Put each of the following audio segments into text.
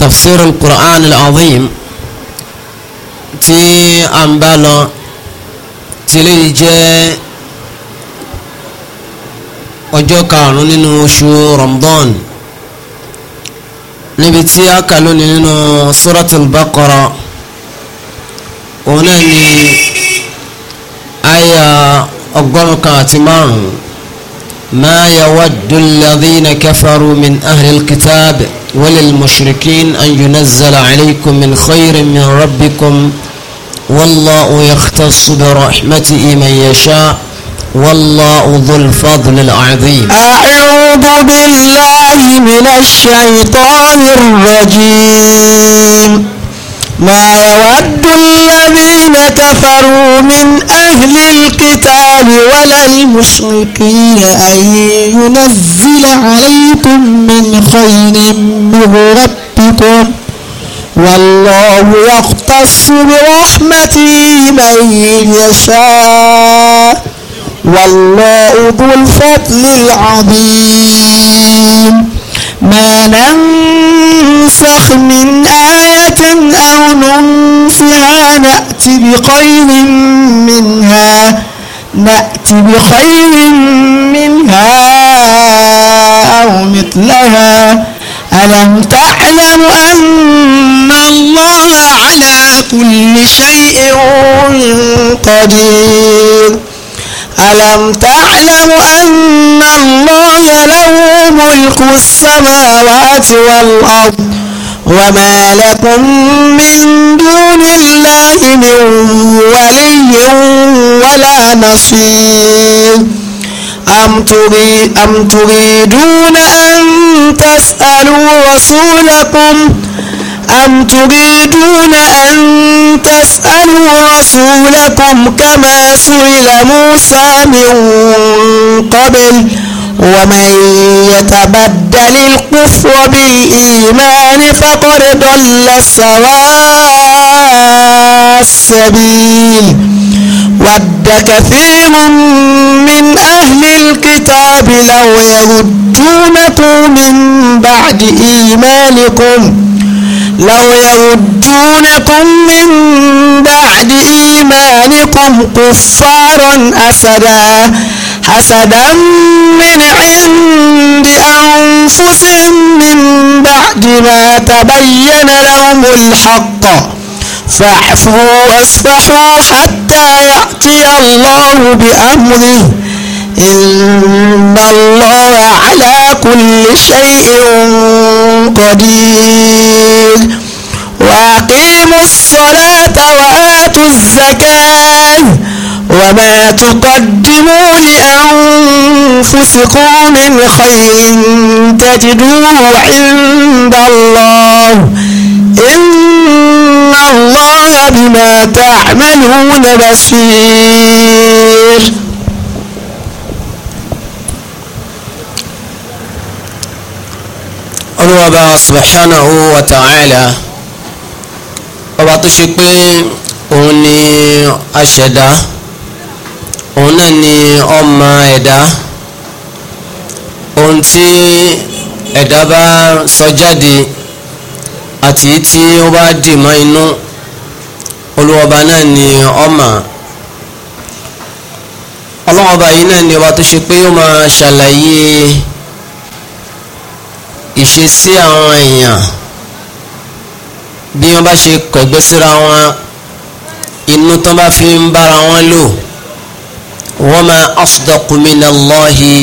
تفسير القرآن العظيم. al-Azim tí a ń bá lọ tílé yìí jẹ́ ọjọ́ karùn-ún nínú oṣù Ramadan níbi tí a kà lónìí nínú suratul Baqara òun náà ni àyà ọgọ́rùn kan àti márùn-ún ma yawaddu alladhina kafaru min ahlil kitab. وللمشركين أن ينزل عليكم من خير من ربكم والله يختص برحمته من يشاء والله ذو الفضل العظيم أعوذ بالله من الشيطان الرجيم ما يود الذين كفروا من أهل الكتاب ولا المشركين أن ينزل عليكم من خير من ربكم والله يختص برحمته من يشاء والله ذو الفضل العظيم ما ننسخ من آية أو ننسها نأتي بخير منها نأتي بخير منها أو مثلها ألم تعلم أن الله على كل شيء قدير ألم تعلم أن الله له ملك السماوات والأرض وما لكم من دون الله من ولي ولا نصير أم, تريد أم تريدون أن تسألوا رسولكم أم تريدون أن تسألوا رسولكم كما سئل موسى من قبل ومن يتبدل الكفر بالإيمان فقد ضل سواء السبيل ود كثير من أهل الكتاب لو يردونكم من بعد إيمانكم لو يردونكم من بعد إيمانكم كفارا أسدا حسدا من عند أنفسهم من بعد ما تبين لهم الحق فاعفوا واصفحوا حتى يأتي الله بأمره إن الله على كل شيء قدير وأقيموا الصلاة وآتوا الزكاة وما تقدموا لأنفسكم من خير تجدوه عند الله إن الله بما تعملون بصير olùwàbà سبحانه وتعالى ọba tó ṣe pé òun ni aṣẹ̀dá òun náà ni ọmọ ẹ̀dá ohun tí ẹ̀dá bá sọ jáde àti tí ó bá dì mọ́ inú olúwọba náà ni ọmọ ọlọ́wọ́ba yìí náà ni ọba tó ṣe pé ó máa ṣàlàyé ìṣesí àwọn èèyàn bí wọ́n bá ṣe kọ̀gbẹ́ síra wọn inú tán bá fi ń bára wọn lò wa ma afdaqu minallahi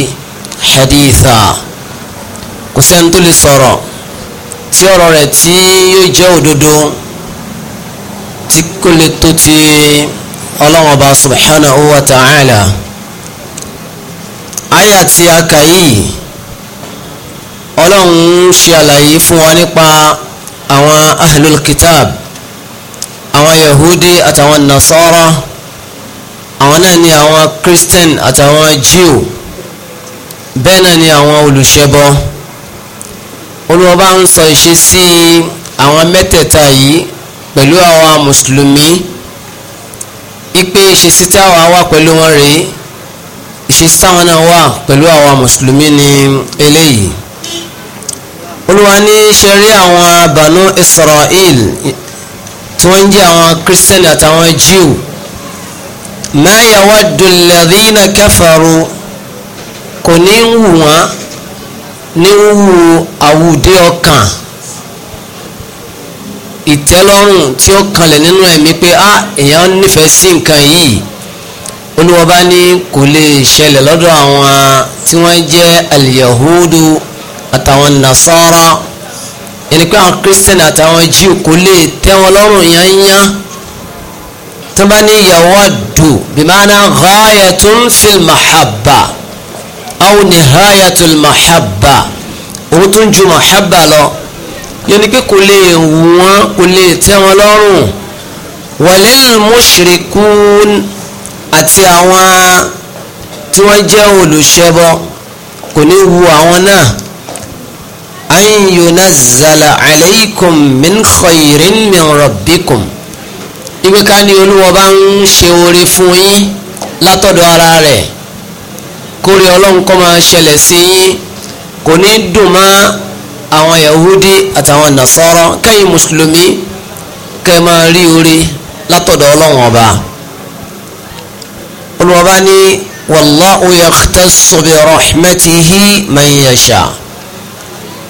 haditha kò sẹ́ni tó lè sọ̀rọ̀ tí ọ̀rọ̀ rẹ̀ tí yóò jẹ́ òdodo tí kò lè tó ti Ọlọ́hun Ọba subhanahu wa ta'ala àyà tí a kà yìí Ọlọ́hun ń ṣe àlàyé fún wa nípa àwọn ahlul kitab àwọn yahudi àtàwọn nasara àwọn náà ni àwọn christian àtàwọn jew bẹ́ẹ̀ náà ni àwọn olùṣẹbọ Olúwa bá ń sọ ìṣesí àwọn mẹ́tẹ̀ẹ̀ta yìí pẹ̀lú àwa mùsùlùmí ipe ìṣesí tí àwa wà pẹ̀lú wọn rèé ìṣesí táwọn náà wà pẹ̀lú àwa mùsùlùmí ni eléyìí olúwa ní ṣẹ̀rí àwọn Banu Israel tí wọ́n ń jẹ́ àwọn Christian àtàwọn Jew ma yawaddu alladhina kafaru kò ní ń wù wọ́n ní ń wù àwùdí ọkàn ìtẹ́lọ́rùn tí ó kanlẹ̀ nínú ẹ̀mí pé a ah, èèyàn nífẹ̀ẹ́ sí nǹkan yìí olúwa bá ní kò lè ṣẹlẹ̀ lọ́dọ̀ àwọn tí wọ́n jẹ́ al-Yahudu àtàwọn nasara yẹn ni pé àwọn christian àtàwọn jew kò lè tẹ́ wọn lọ́rùn yányá tó bá ní yawaddu bimana ghayatun fil mahabba aw nihayatul mahabba òun tún ju mahabba lọ yẹn pé kò lè wù wọn kò lè tẹ́ wọn lọ́rùn walil mushrikun àti àwọn tí wọ́n jẹ́ olùṣẹbọ kò ní wù àwọn náà an yunazzala alaykum min khayrin min rabbikum ibi ká ní olúwa bá ń ṣe oore fún yín látọ̀dọ̀ ara rẹ̀ kórè ọlọ́run kó máa ṣẹlẹ̀ sí yín kò ní dùn mọ́ àwọn yahudi àtàwọn nasara kẹ́yìn mùsùlùmí kẹ́ máa rí oore látọ̀dọ̀ ọlọ́run ọba olúwa bá ní wallahu yakhtassu bi rahmatihi man yasha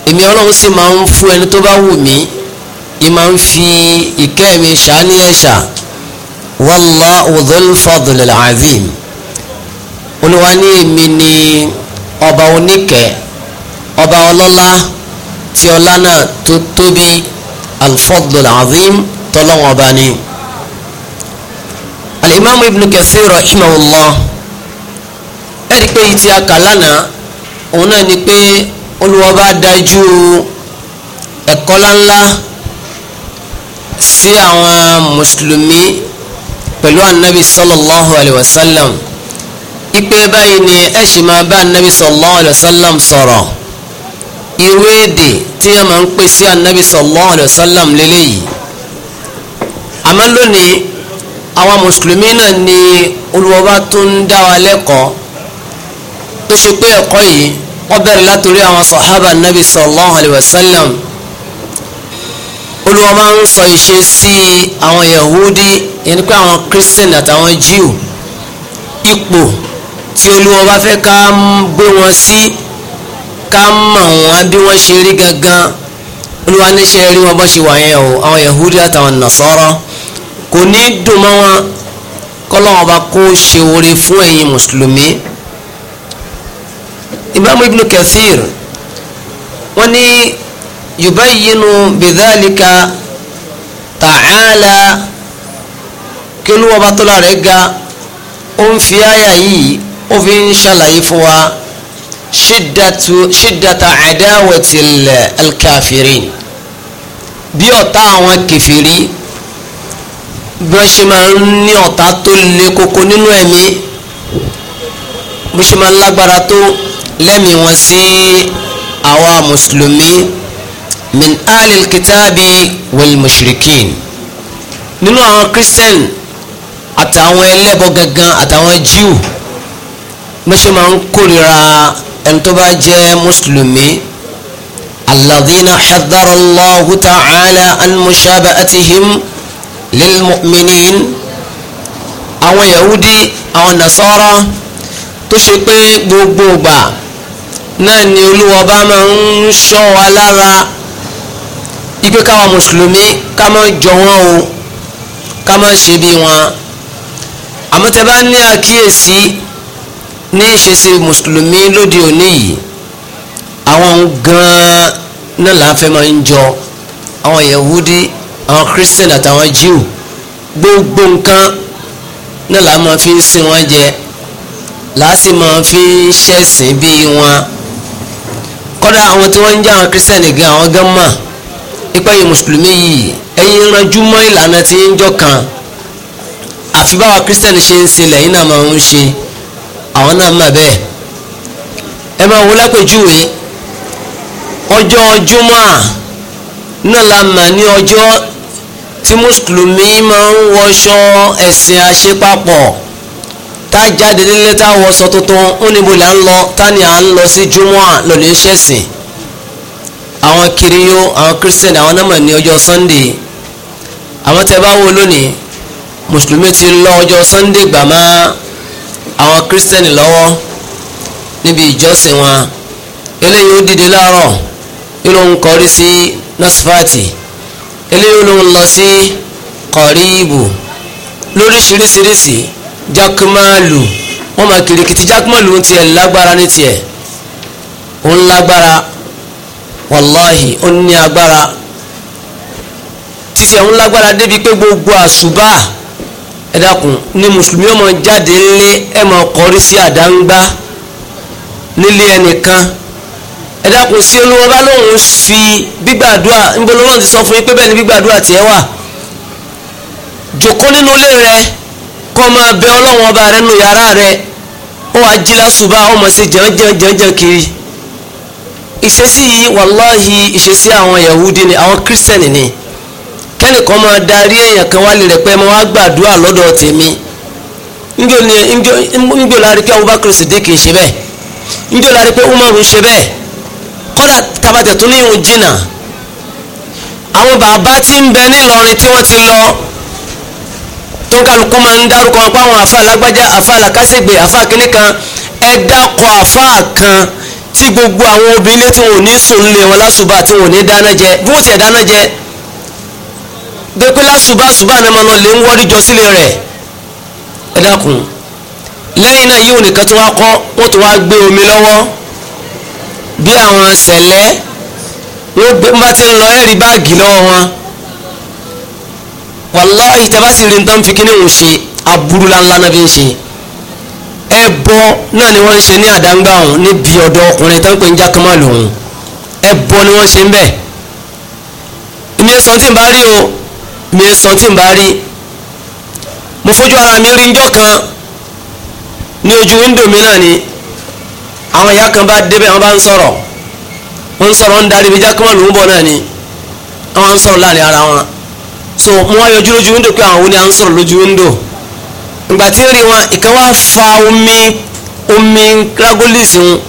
èmi ọlọ́run sì máa ń fún ẹni tó bá wù mí ì máa ń fi ìkẹ́ mi ṣàánú ẹ̀ṣà wallahu dhul fadlil azim olúwa ní èmi ni ọba oníkẹ́ ọba ọlọ́lá tí ọlá náà tó tóbi alfadlil azim tọ́lọ́wọ́n ọba ni. alimami ibn kathir rahimahullah ẹ̀rí pé yìí ti a kà lánàá òun náà ni pé. Olúwa bá dájú ẹ̀kọ́ láńlá sí àwọn mùsùlùmí pẹ̀lú anabi sallallahu alayhi wa sallam ipe báyìí ni ẹ ṣì máa bá anabi sallallahu alayhi wa sallam sọ̀rọ̀ irú èdè tí ẹ máa ń pè sí anabi sallallahu alayhi wa sallam lélẹ́yìí àmọ́ lónìí àwọn mùsùlùmí náà ni Olúwa bá tún dá wa lẹ́kọ̀ọ́ tó ṣe pé ẹ̀kọ́ yìí wọ́n bẹ̀rẹ̀ látòrí àwọn sọ̀hábà nàbì sallallahu alayhi wa sallam olúwa máa ń sọ ìṣesí àwọn yahudi yẹn pé àwọn christian àtàwọn jew ipò tí olúwa bá fẹ́ ká gbé wọn sí ká mọ̀ wọn bí wọ́n ṣe rí gangan olúwa níṣẹ́ rí wọn bọ́ ṣe wà yẹn o àwọn yahudi àtàwọn nasara kò ní dùn mọ́ wọn kọ́lọ́wọ́n bá kó ṣe oore fún ẹ̀yin mùsùlùmí imaamu ibnu kathir wọ́n ní yubayinu bidhalika ta'ala kí olúwọba tó lára ga ó ń fi àyà yìí ó fi ń ṣàlàyé fún wa ṣídàtà àdáwẹ̀tì alkafirin bí ọ̀tá àwọn kẹfìrí bí wọ́n ṣe máa koko nínú ẹ̀mí bí wọ́n ṣe lẹ́mi wọn sí àwa mùsùlùmí min alil kitabi wal mushrikin nínú àwọn christian àtàwọn ẹlẹ́bọ gangan àtàwọn jew mẹ́sẹ̀ máa ń kórira ẹni tó bá jẹ́ mùsùlùmí alladhina haddara allahu ta'ala an mushaba'atihim lil mu'minin àwọn yahudi àwọn nasara tó ṣe pé gbogbo gbà náà ni olúwa bá máa ń ṣọ́ wa lára ipe káwa mùsùlùmí ká má jọ wọn o ká má ṣe bí wọn àmọ́ tẹ́ bá ní àkíyèsí ní ìṣesí mùsùlùmí lóde òní yìí àwọn gan-an náà là ń fẹ́ máa ń jọ àwọn yahudi àwọn christian àtàwọn jew gbogbo nǹkan náà là máa fi ń sin wọn jẹ làá máa fi ń ṣẹ̀sìn bíi wọn kọ́dá àwọn tí wọ́n ń jẹ́ àwọn kírísítẹ́nì gan àwọn gan mọ̀ nípa yìí mùsùlùmí yìí ẹ̀yin ranjú mọ́ ìlànà tí ń jọ kan àfi báwa kírísítẹ́nì ṣe ń ṣe lẹ́yìn náà máa ń ṣe àwọn náà mà bẹ́ẹ̀ ẹ máa wo lápèjúwe ọjọ́ júmọ́ náà la mà ní ọjọ́ tí mùsùlùmí máa ń wọṣọ ẹ̀sìn àṣepapọ̀ ká jáde nílé tá a wọṣọ tuntun ó níbo là ń lọ tá ni à ń lọ sí jumua lọlẹ́ ṣẹ̀sìn àwọn kiriyó àwọn christian àwọn náà mọ̀ ní ọjọ́ sunday àwọn tẹ́ bá wò lónìí mùsùlùmí ti lọ ọjọ́ sunday gbà má àwọn christian lọ́wọ́ níbi ìjọsìn wọn eléyìí ó dìde láàárọ̀ yóò ń kọrí sí nasfati eléyìí ó lọ sí kọ̀ríìbù lóríṣiríṣiríṣi jákèmálù wọ́n máa kìrìkìtì jákèmálù ń tiẹ̀ lágbára ní tiẹ̀ ó ń lágbára wàláhì ó ní agbára títí ẹ̀hún lágbára débi pé gbogbo àṣùbà ẹ dákun ní mùsùlùmí ọmọ jáde ńlé ẹ máa kọrí sí àdáńgbá nílé ẹnìkan ẹ dákun sí olúwọba lòun fi gbígbàdúrà níbo lọ́wọ́ ti sọ fún yín pé bẹ́ẹ̀ ni gbígbàdúrà tiẹ̀ wà jòkó nínú ilé rẹ̀ kọ́ máa bẹ ọlọ́wọ́n ọba rẹ nù yàrá rẹ ó wàá jí lásùbà ó mọ̀ sí jẹ́njẹ́njẹ́njẹ́ kiri ìṣesí yìí wàláhì ìṣesí àwọn yahudi ni àwọn kírísítẹ̀nì ni kẹ́nìkan máa darí èèyàn kan wálé rẹ̀ pé mo wá gbàdúrà lọ́dọ̀ tèmi njó ni la rí pé Abubakar Siddiq ń ṣe bẹ́ẹ̀ njó la rí pé Umar ń ṣe bẹ́ẹ̀ kọ́dà tabatẹ̀ tó ní ìhun jìnnà àwọn bàbá tí ń bẹ ní Ìlọrin tí wọ́n ti lọ tó kálukú máa ń dárúkọ wọn pé àwọn àfa alágbájá àfa alákásẹ̀gbè àfa kínní kan ẹ dákọ̀ àfa kan tí gbogbo àwọn obìnrin tí wọn ò ní sùn lé wọn lásùbà tí wọn ò ní dáná jẹ bí wọn ti ẹ̀ dáná jẹ dẹ́pẹ́ lásùbà sùbà náà máa lọ lè ń wọ́rí jọ sílé rẹ̀ ẹ dákun lẹ́yìn náà yíwò nìkan tó wá kọ́ wọ́n tó wá gbé omi lọ́wọ́ bí àwọn sẹ̀lẹ́ wọ́n bá ti ń lọ ẹ̀rí báàgì lọ́wọ́ wọn wàláhì tẹ́fàsì rìn tán fi kíní òun ṣe aburú lánlá náà fi ń ṣe ẹbọ náà ni wọ́n ń ṣe ní àdáńgbà òun níbi ọ̀dọ̀ ọkùnrin tán pé ń jákèmá lòun ẹbọ ni wọ́n ṣe ń bẹ̀ mi ẹ sọ tí bá rí o mi ẹ sọ tí bá rí mo fojú ara mi rí njọ́ kan ní ojú windo mi náà ni àwọn ìyá kan bá débẹ̀ wọ́n bá ń sọ̀rọ̀ wọ́n ń sọ̀rọ̀ ń darí ibi jákèmá lòun bọ̀ náà ni wọ́n ń sọ̀rọ̀ láàrin ara wọn so mo wá yọjú lójú windo pé àwọn wo ni à ń sọ̀rọ̀ lójú windo ìgbà tí ń rí wọn ìkan wá fa omi omi ragolisi ń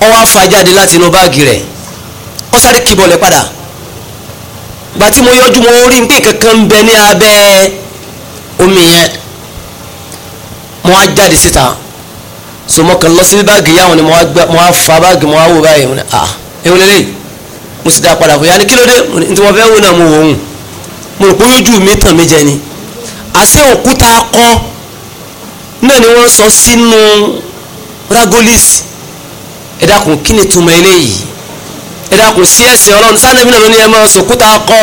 ọ wá fa jáde láti inú báàgì rẹ̀ ọ sáré kìbọ̀lẹ̀ padà ìgbà tí mo yọjú mo rí pé kankan bẹ ní abẹ́ omi yẹn mo wá jáde síta so mo kàn lọ sí báàgì yàwọn ni mo wá fa báàgì mo wá wò báyìí ah ewu lélẹ́yìí mo sì dá padà fún yàrá kí ló dé ní tí fẹ́ wò náà mo wò ó hùn mo rò pé ojú mi tàn mí jẹ ni àṣẹ òkúta akọ náà ni wọ́n sọ sínú ragolis ẹ dákun kí ni túmọ̀ eléyìí ẹ dákun sí ẹ̀sìn ọlọ́run sanabi náà ló ní ẹ máa sọ òkúta akọ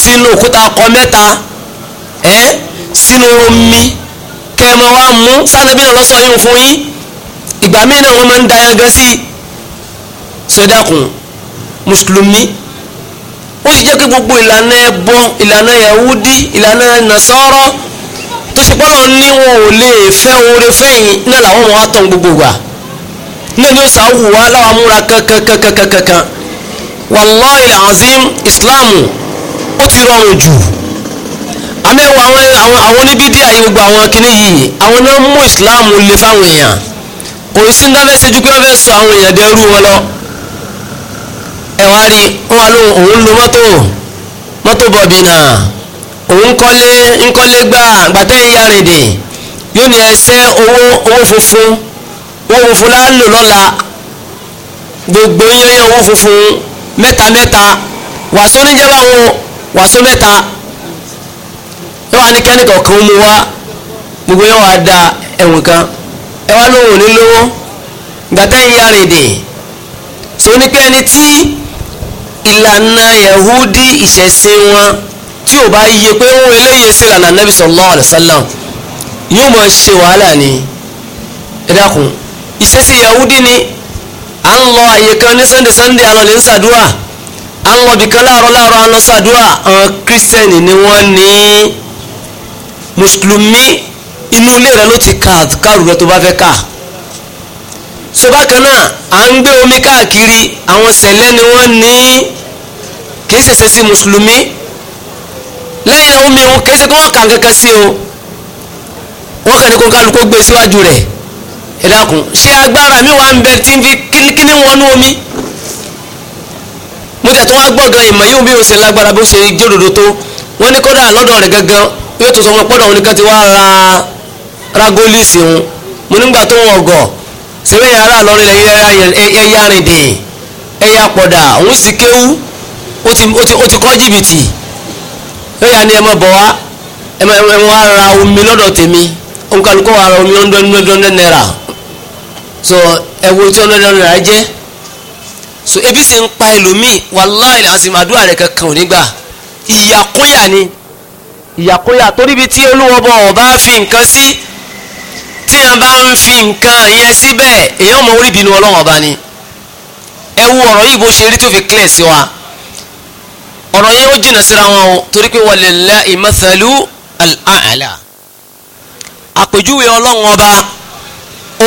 sínú òkúta akọ mẹ́ta ẹ sínú omi kẹmọ wa mú sanabi náà lọ́sọ̀ yẹn fún yín ìgbà míì náà wọ́n máa ń da yangẹ́ sí i mùsùlùmí. So, ó sì jẹ́ kí gbogbo ìlànà ẹbọ ìlànà yahudi ìlànà nasọ́rọ́ tó ṣe pọ́nà ní wọn ò lè fẹ́ oore fẹ́yìn náà làwọn ọmọ wa tàn gbogbo gbà náà ni ó sá wù wá láwa múra kankankankankankan wàláhì azim islam ó ti rọrùn jù àmọ́ ẹ̀wọ̀ àwọn àwọn oníbídìí àyè gbogbo àwọn kìnnì yìí àwọn náà mú islam lè fáwọn èèyàn kò sí ní abẹ́sẹ̀ ju pé wọ́n fẹ́ sọ àwọn èèyàn dẹ́rù wọn lọ ẹ wá rí ó wà lóhùn òun lo mọ́tò mọ́tò bọ̀bì náà òun kọ́lé ńkọ́lé gbà gbàtẹ́ ìyá rẹ̀ yóò ní ẹsẹ́ owó owó funfun owó funfun náà lò lọ́la gbogbo wọn owó funfun mẹ́ta mẹ́ta wàásù níjàmbá wọn wàásù mẹ́ta yóò wá ní kẹ́nìkan kan mú wá gbogbo yóò wá da ẹ̀wọ̀n kan ẹ wá lóhùn ní lówó gbàtẹ́ ìyá rẹ̀ dè ní pé tí ìlànà yahudi ìṣẹ̀sìn wọn tí ò bá yẹ pé òun eléyìí sí ìlànà nabi sallallahu alayhi wa sallam yóò mọ̀ ṣe wàhálà ni ẹ dákun ìṣẹ̀sìn yahudi ni à ń lọ àyè kan ní sunday sunday àwọn lè ń ṣàdúrà à ń lọ bìkan láàárọ̀ láàárọ̀ à ń àwọn kírísítẹ́nì ni wọ́n ní mùsùlùmí inú ilé rẹ ló ti ka àkàrù rẹ tó bá fẹ́ kà so bákan náà à ń gbé omi káàkiri àwọn sẹ̀lẹ́ ni wọ́n ní kìí ṣẹ̀ṣẹ̀ sí mùsùlùmí lẹ́yìn omi òun kìí ṣe kí wọ́n kà kankan sí o wọ́n kàn ní kó kálukó gbé e síwájú rẹ̀ ẹ dákun ṣé agbára mi wà ń bẹ tí ń fi kíní wọnú omi mo tẹ̀ tí wọ́n á gbọ́ gan ìmọ̀ yóò bí o ṣe lágbára bó ṣe jẹ́ròdò tó wọ́n ní kódà lọ́dọ̀ rẹ̀ gangan yóò tó sọ wọn pọ́dọ̀ wọn nìkan ti wá ra ra gólíìsì òun mo nígbà tó wọn ọ̀gọ̀ sẹ́wẹ́ yàrá lọ́rin lẹ́yìn ẹ̀yà rìndì ẹ̀yà pọ̀dà òun sì kéwú ó ti kọ́ jìbìtì lẹ́yìn ni ẹ mọ̀ bọ̀ wá ẹ mọ̀ wá ra omi lọ́dọ̀ tèmi òun kálukọ́ wa ra omi ọ̀ndọ̀ndọ̀ndọ̀ náírà so ẹ wo tí ọ̀ndọ̀ndọ̀ náírà jẹ́ so ebi sì ń pa ẹlòmíì wàláì àti àdúrà rẹ̀ kankan ò ní gbà ìyàkóyà ni ìyàkóyà torí ibi tí olúwọ́ bọ̀ ọ̀ bá fi nǹkan sí. Si, téèyàn bá ń fi nǹkan yẹn síbẹ̀ èèyàn mọ orí ìbínú ọlọ́wọ́n ọba ni ẹ wo ọ̀rọ̀ yìí bó ṣe rí tó fi clear sí wa ọ̀rọ̀ yẹn ó jìnnà síra wọn o torí pé walillahi mathalu al-a'la àpèjúwe ọlọ́wọ́n ọba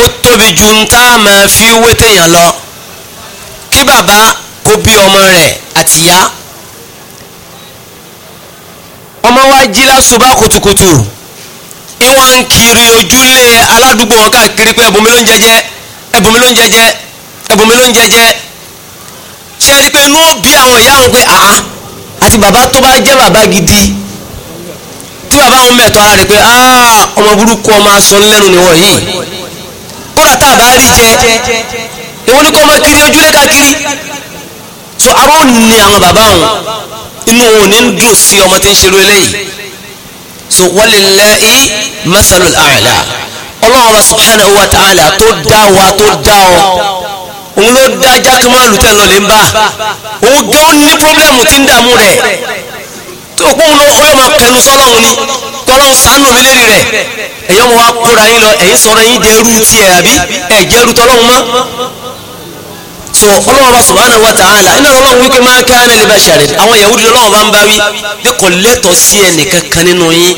ó tóbi ju ń tá a máa fi wé téèyàn lọ kí bàbá kó bí ọmọ rẹ̀ àtìyá ọmọ wa jí lásùbà kùtùkùtù ń wá ń kiri ojúlé aládùúgbò wọn káàkiri pé ẹbùnmi ló ń jẹjẹ ẹbùnmi ló ń jẹjẹ ẹbùnmi ló ń jẹjẹ ṣe rí i pé inú òbí àwọn ìyá wọn pé àá àti bàbá tó bá jẹ́ bàbá gidi tí bàbá wọn mẹ̀tọ́ ara rẹ̀ pé ọmọ burúkú ọmọ aṣọ lẹ́nu nìwọ̀n kódà tá a bá rí jẹ ìwọ ni kò máa kiri ojúlé káàkiri so àwọn ò ní àwọn bàbá wọn inú wọn ò ní dùn sí ọmọ tí ń ṣerú eléyìí so walilayi masalu ala ọlọ́run ọba subhanahu wa ta'ala tó dá wa tó dá ọ òun ló dá jákèmọ́lù tẹ́ lọ lè ń bá òun gé ó ní pọ́blẹ́mù tí ń dààmú rẹ̀ tó kó ń lọ kọ́ yọmọ kẹnu sọ́lọ́run ni kọ́lọ́run sànù mi lérí rẹ̀ ẹ̀yọ́ mo wá kóra yín lọ ẹ̀yin sọ̀rọ̀ yín dẹrú tiẹ̀ àbí ẹ̀jẹ̀ rú tọ́lọ́run mọ́ so ọlọ́wọ́ bá subhanahu wa ta'ala iná ọlọ́wọ́ wípé máa ká ní ní bashari àwọn yahudi lọ́wọ́ bá ń bá wí bí kò lẹ́tọ̀ sí ẹnìkan kan nínú yín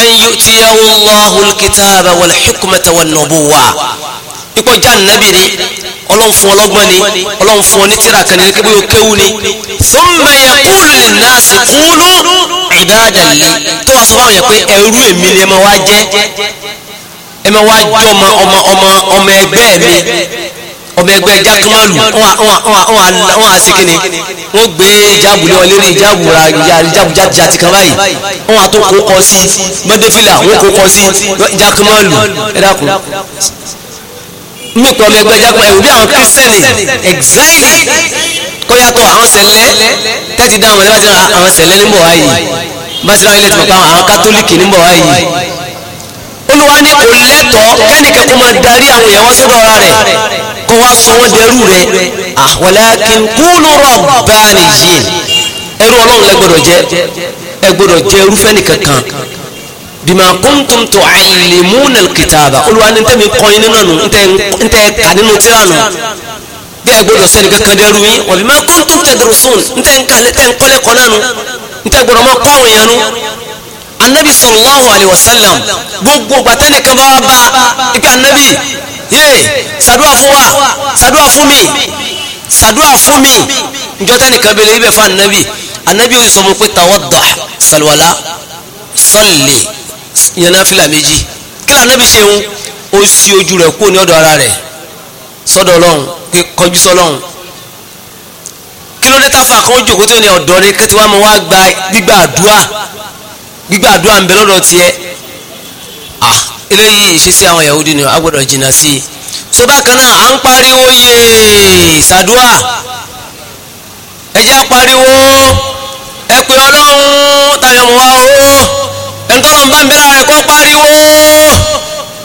an yu'tiyahu Allahu al-kitaba wal hikmata wan nubuwwa ikọ̀ já nàbì ni ọlọ́run fún ọlọ́gbọ́n ni ọlọ́run fún onítìrà kan ní kébé okéwu ni thumma yaqulu lin-nasi kunu ibadan li ọmọ ẹgbẹ́ jákúmálù wọ́n á sí kíni wọ́n gbé jáàbù lé ọlé ní jáàbù ra jáàbù jáàtì kan báyìí wọ́n á tó kó kọ sí mọ́dẹ́fìlà wọ́n kó kọ sí jákúmálù ẹ dákun nípa ọmọ ẹgbẹ́ jákúmálù bí àwọn kírísítẹ́nì exactly kọ́yàtọ̀ àwọn sẹ̀lẹ̀ tẹ́tí dáhùn ẹ̀ bá ti náà àwọn sẹ̀lẹ̀ níbọ̀ wáyé bá ti náà ilé tí mo pa àwọn kátólíkì níbọ̀ wáyé olúwa ni kò lẹ́tọ̀ọ́ kẹ́nìkan kó máa darí àwọn èèyàn wá sọ́dọ̀ ọ̀ra rẹ̀ kó wá sọ wọ́n dẹrú rẹ ah, walakin kúlù rabbaniyin ẹrú ọlọ́run ẹ gbọ́dọ̀ jẹ́ ẹ gbọ́dọ̀ jẹ́ irúfẹ́ nìkankan bima kuntum tu'allimuna alkitaba olúwa ní tẹ́mi kọrin nínú nù ntẹ́ kà nínú tíra nù bí ẹ gbọ́dọ̀ sẹ́ni kankan dẹrú yín wa bima kuntum tadrusun ntẹ́ nkọ́lẹ́kọ̀ọ́ nánu ntẹ́ gbọ́dọ̀ mọ́ kọ́ àwọn nù anabi sallallahu alayhi wa sallam gbogbo gbàtẹ́nìkan bá bá ike anabi yéè ṣàdúrà fún wa ṣàdúrà fún mi ṣàdúrà fún mi njọta nìkan bẹ̀rẹ̀ ibẹ̀ fún anabi anabi yóò sọ fún pé tawadda salwala sọlẹ yànnà fìlà méjì kílà anabi ṣe ń ó sì ojú rẹ̀ kó ní ọ̀dọ̀ ara rẹ̀ sọ́dọ̀ ọlọ́run kọjú sọ́lọ́run kí ló dé táfà kan ó jòkó tó ní ọ̀dọ́ rẹ kẹ́tí wá mọ wá gba gbígbà àdúrà gbígbà àdúrà ń bẹ lọ́dọ̀ tiẹ̀ ah eléyìí ìṣesí àwọn yahudi ni a gbọ́dọ̀ jìnnà sí i so bákan náà à ń pariwo yéé sàdúà ẹ jẹ́ pariwo ẹ pè ọlọ́run tayọ̀mù wa o ẹ̀ńtọ́lọ̀ bá ń bẹ ara pariwo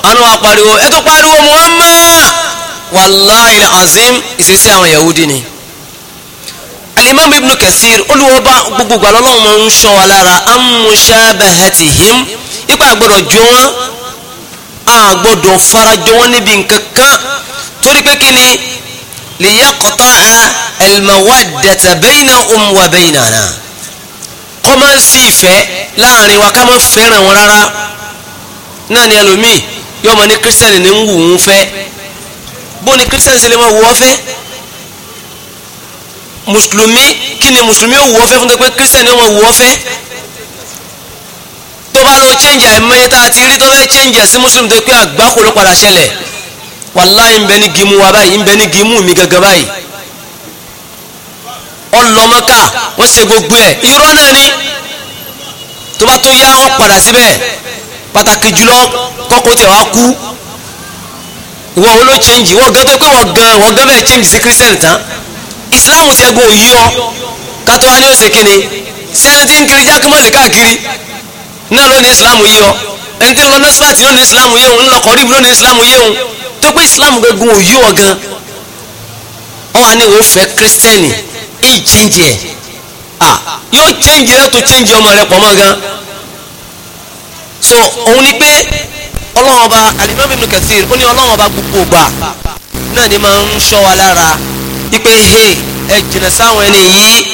àánú wa pariwo ẹ pariwo muhammad wàláhì azim ìṣesí àwọn yahudi ni alimami ibn kathir olùwọ́ba gbogbo gbàlọ́lọ́run máa ń sọ wa lára amushabahati ipa gbọ́dọ̀ jó wọn a gbọ́dọ̀ farajọ wọn níbi liya kan torí pé kí ni liyaqta al-mawaddata baynahum wa baynana kọ́ máa ń sí ìfẹ́ láàrin wa ká máa fẹ́ràn wọn rárá náà ni ẹlòmíì yóò mọ ní kírísítẹ́nì ní ń wù ú fẹ́ bó ni kírísítẹ́nì sì lè máa wù ọ́ fẹ́ mùsùlùmí kí ni mùsùlùmí ó wù ọ́ fẹ́ fún tó pé kírísítẹ́nì ó máa wù ọ́ fẹ́ tó bá lọ change àìmọye tá a ti rí tó fẹ́ change sí muslim tó pé àgbákò ló padà ṣẹlẹ̀ wàláì ń bẹ ní gimu wa báyìí ń bẹ ní gimu mi gangan báyìí ọlọmọka wọ́n ṣe gbogbo ẹ̀ irọ́ náà ni tó bá tún yá wọn padà síbẹ̀ pàtàkì jùlọ kọ́kọ́ tí wàá kú ìwọ wo ló change wọ́n gan tó pé wọ́n gan wọ́n gan bẹ́ẹ̀ change sí christian tán islam ṣẹ́gun òyìn ọ kátó wa ni ó ṣe kíni sẹ́ni tí ń kiri jákèmọ́lì káàkiri náà ló ní ìsìlámù yé ọ ẹni tí ń lọ nọ́sílátì ló ní ìsìlámù yé òun ń lọ kọ́ríbù ló ní ìsìlámù yé òun tó pé ìsìlámù gangan ò yé gan wọn á ní wò kírísítẹ́nì èyí chíńjì ẹ̀ ah yóò chíńjì rẹ tó chíńjì ọmọ rẹ pọ̀ mọ́ gan so òun ni pé ọlọ́wọ́n ọba alimami ibn kathir ó ní ọlọ́wọ́n ọba gbogbo ọba náà ni máa ń ṣọ́ wa lára ipe he ẹ jìnnà sáwọn ẹni yìí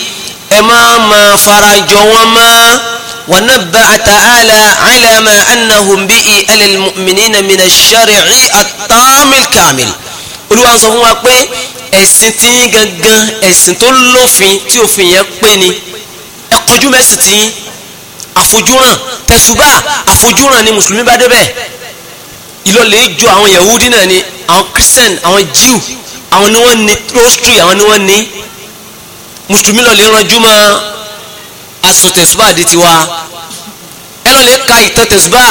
ẹ má máa fara wọn máa. ونبعت تعالى على ما أنهم به أهل المؤمنين من الشرع الطام الكامل Olúwa sọ fún wa pé ẹ̀sìn tí yín gangan ẹ̀sìn tó lófin tí òfin yẹn pé ni ẹ kọjú mẹ́sìn tí yín àfojúràn tẹ̀sùbà àfojúràn ni mùsùlùmí bá débẹ̀ ìlọlẹ̀ ìjọ àwọn Yahudi náà ni àwọn Christian àwọn Jew àwọn ni wọ́n ní rosary àwọn ni wọ́n ní mùsùlùmí lọ́lẹ̀ ìrànjú máa asun tẹ̀síbà di tiwa ẹ̀rọ lè ka ìtàn tẹ̀síbà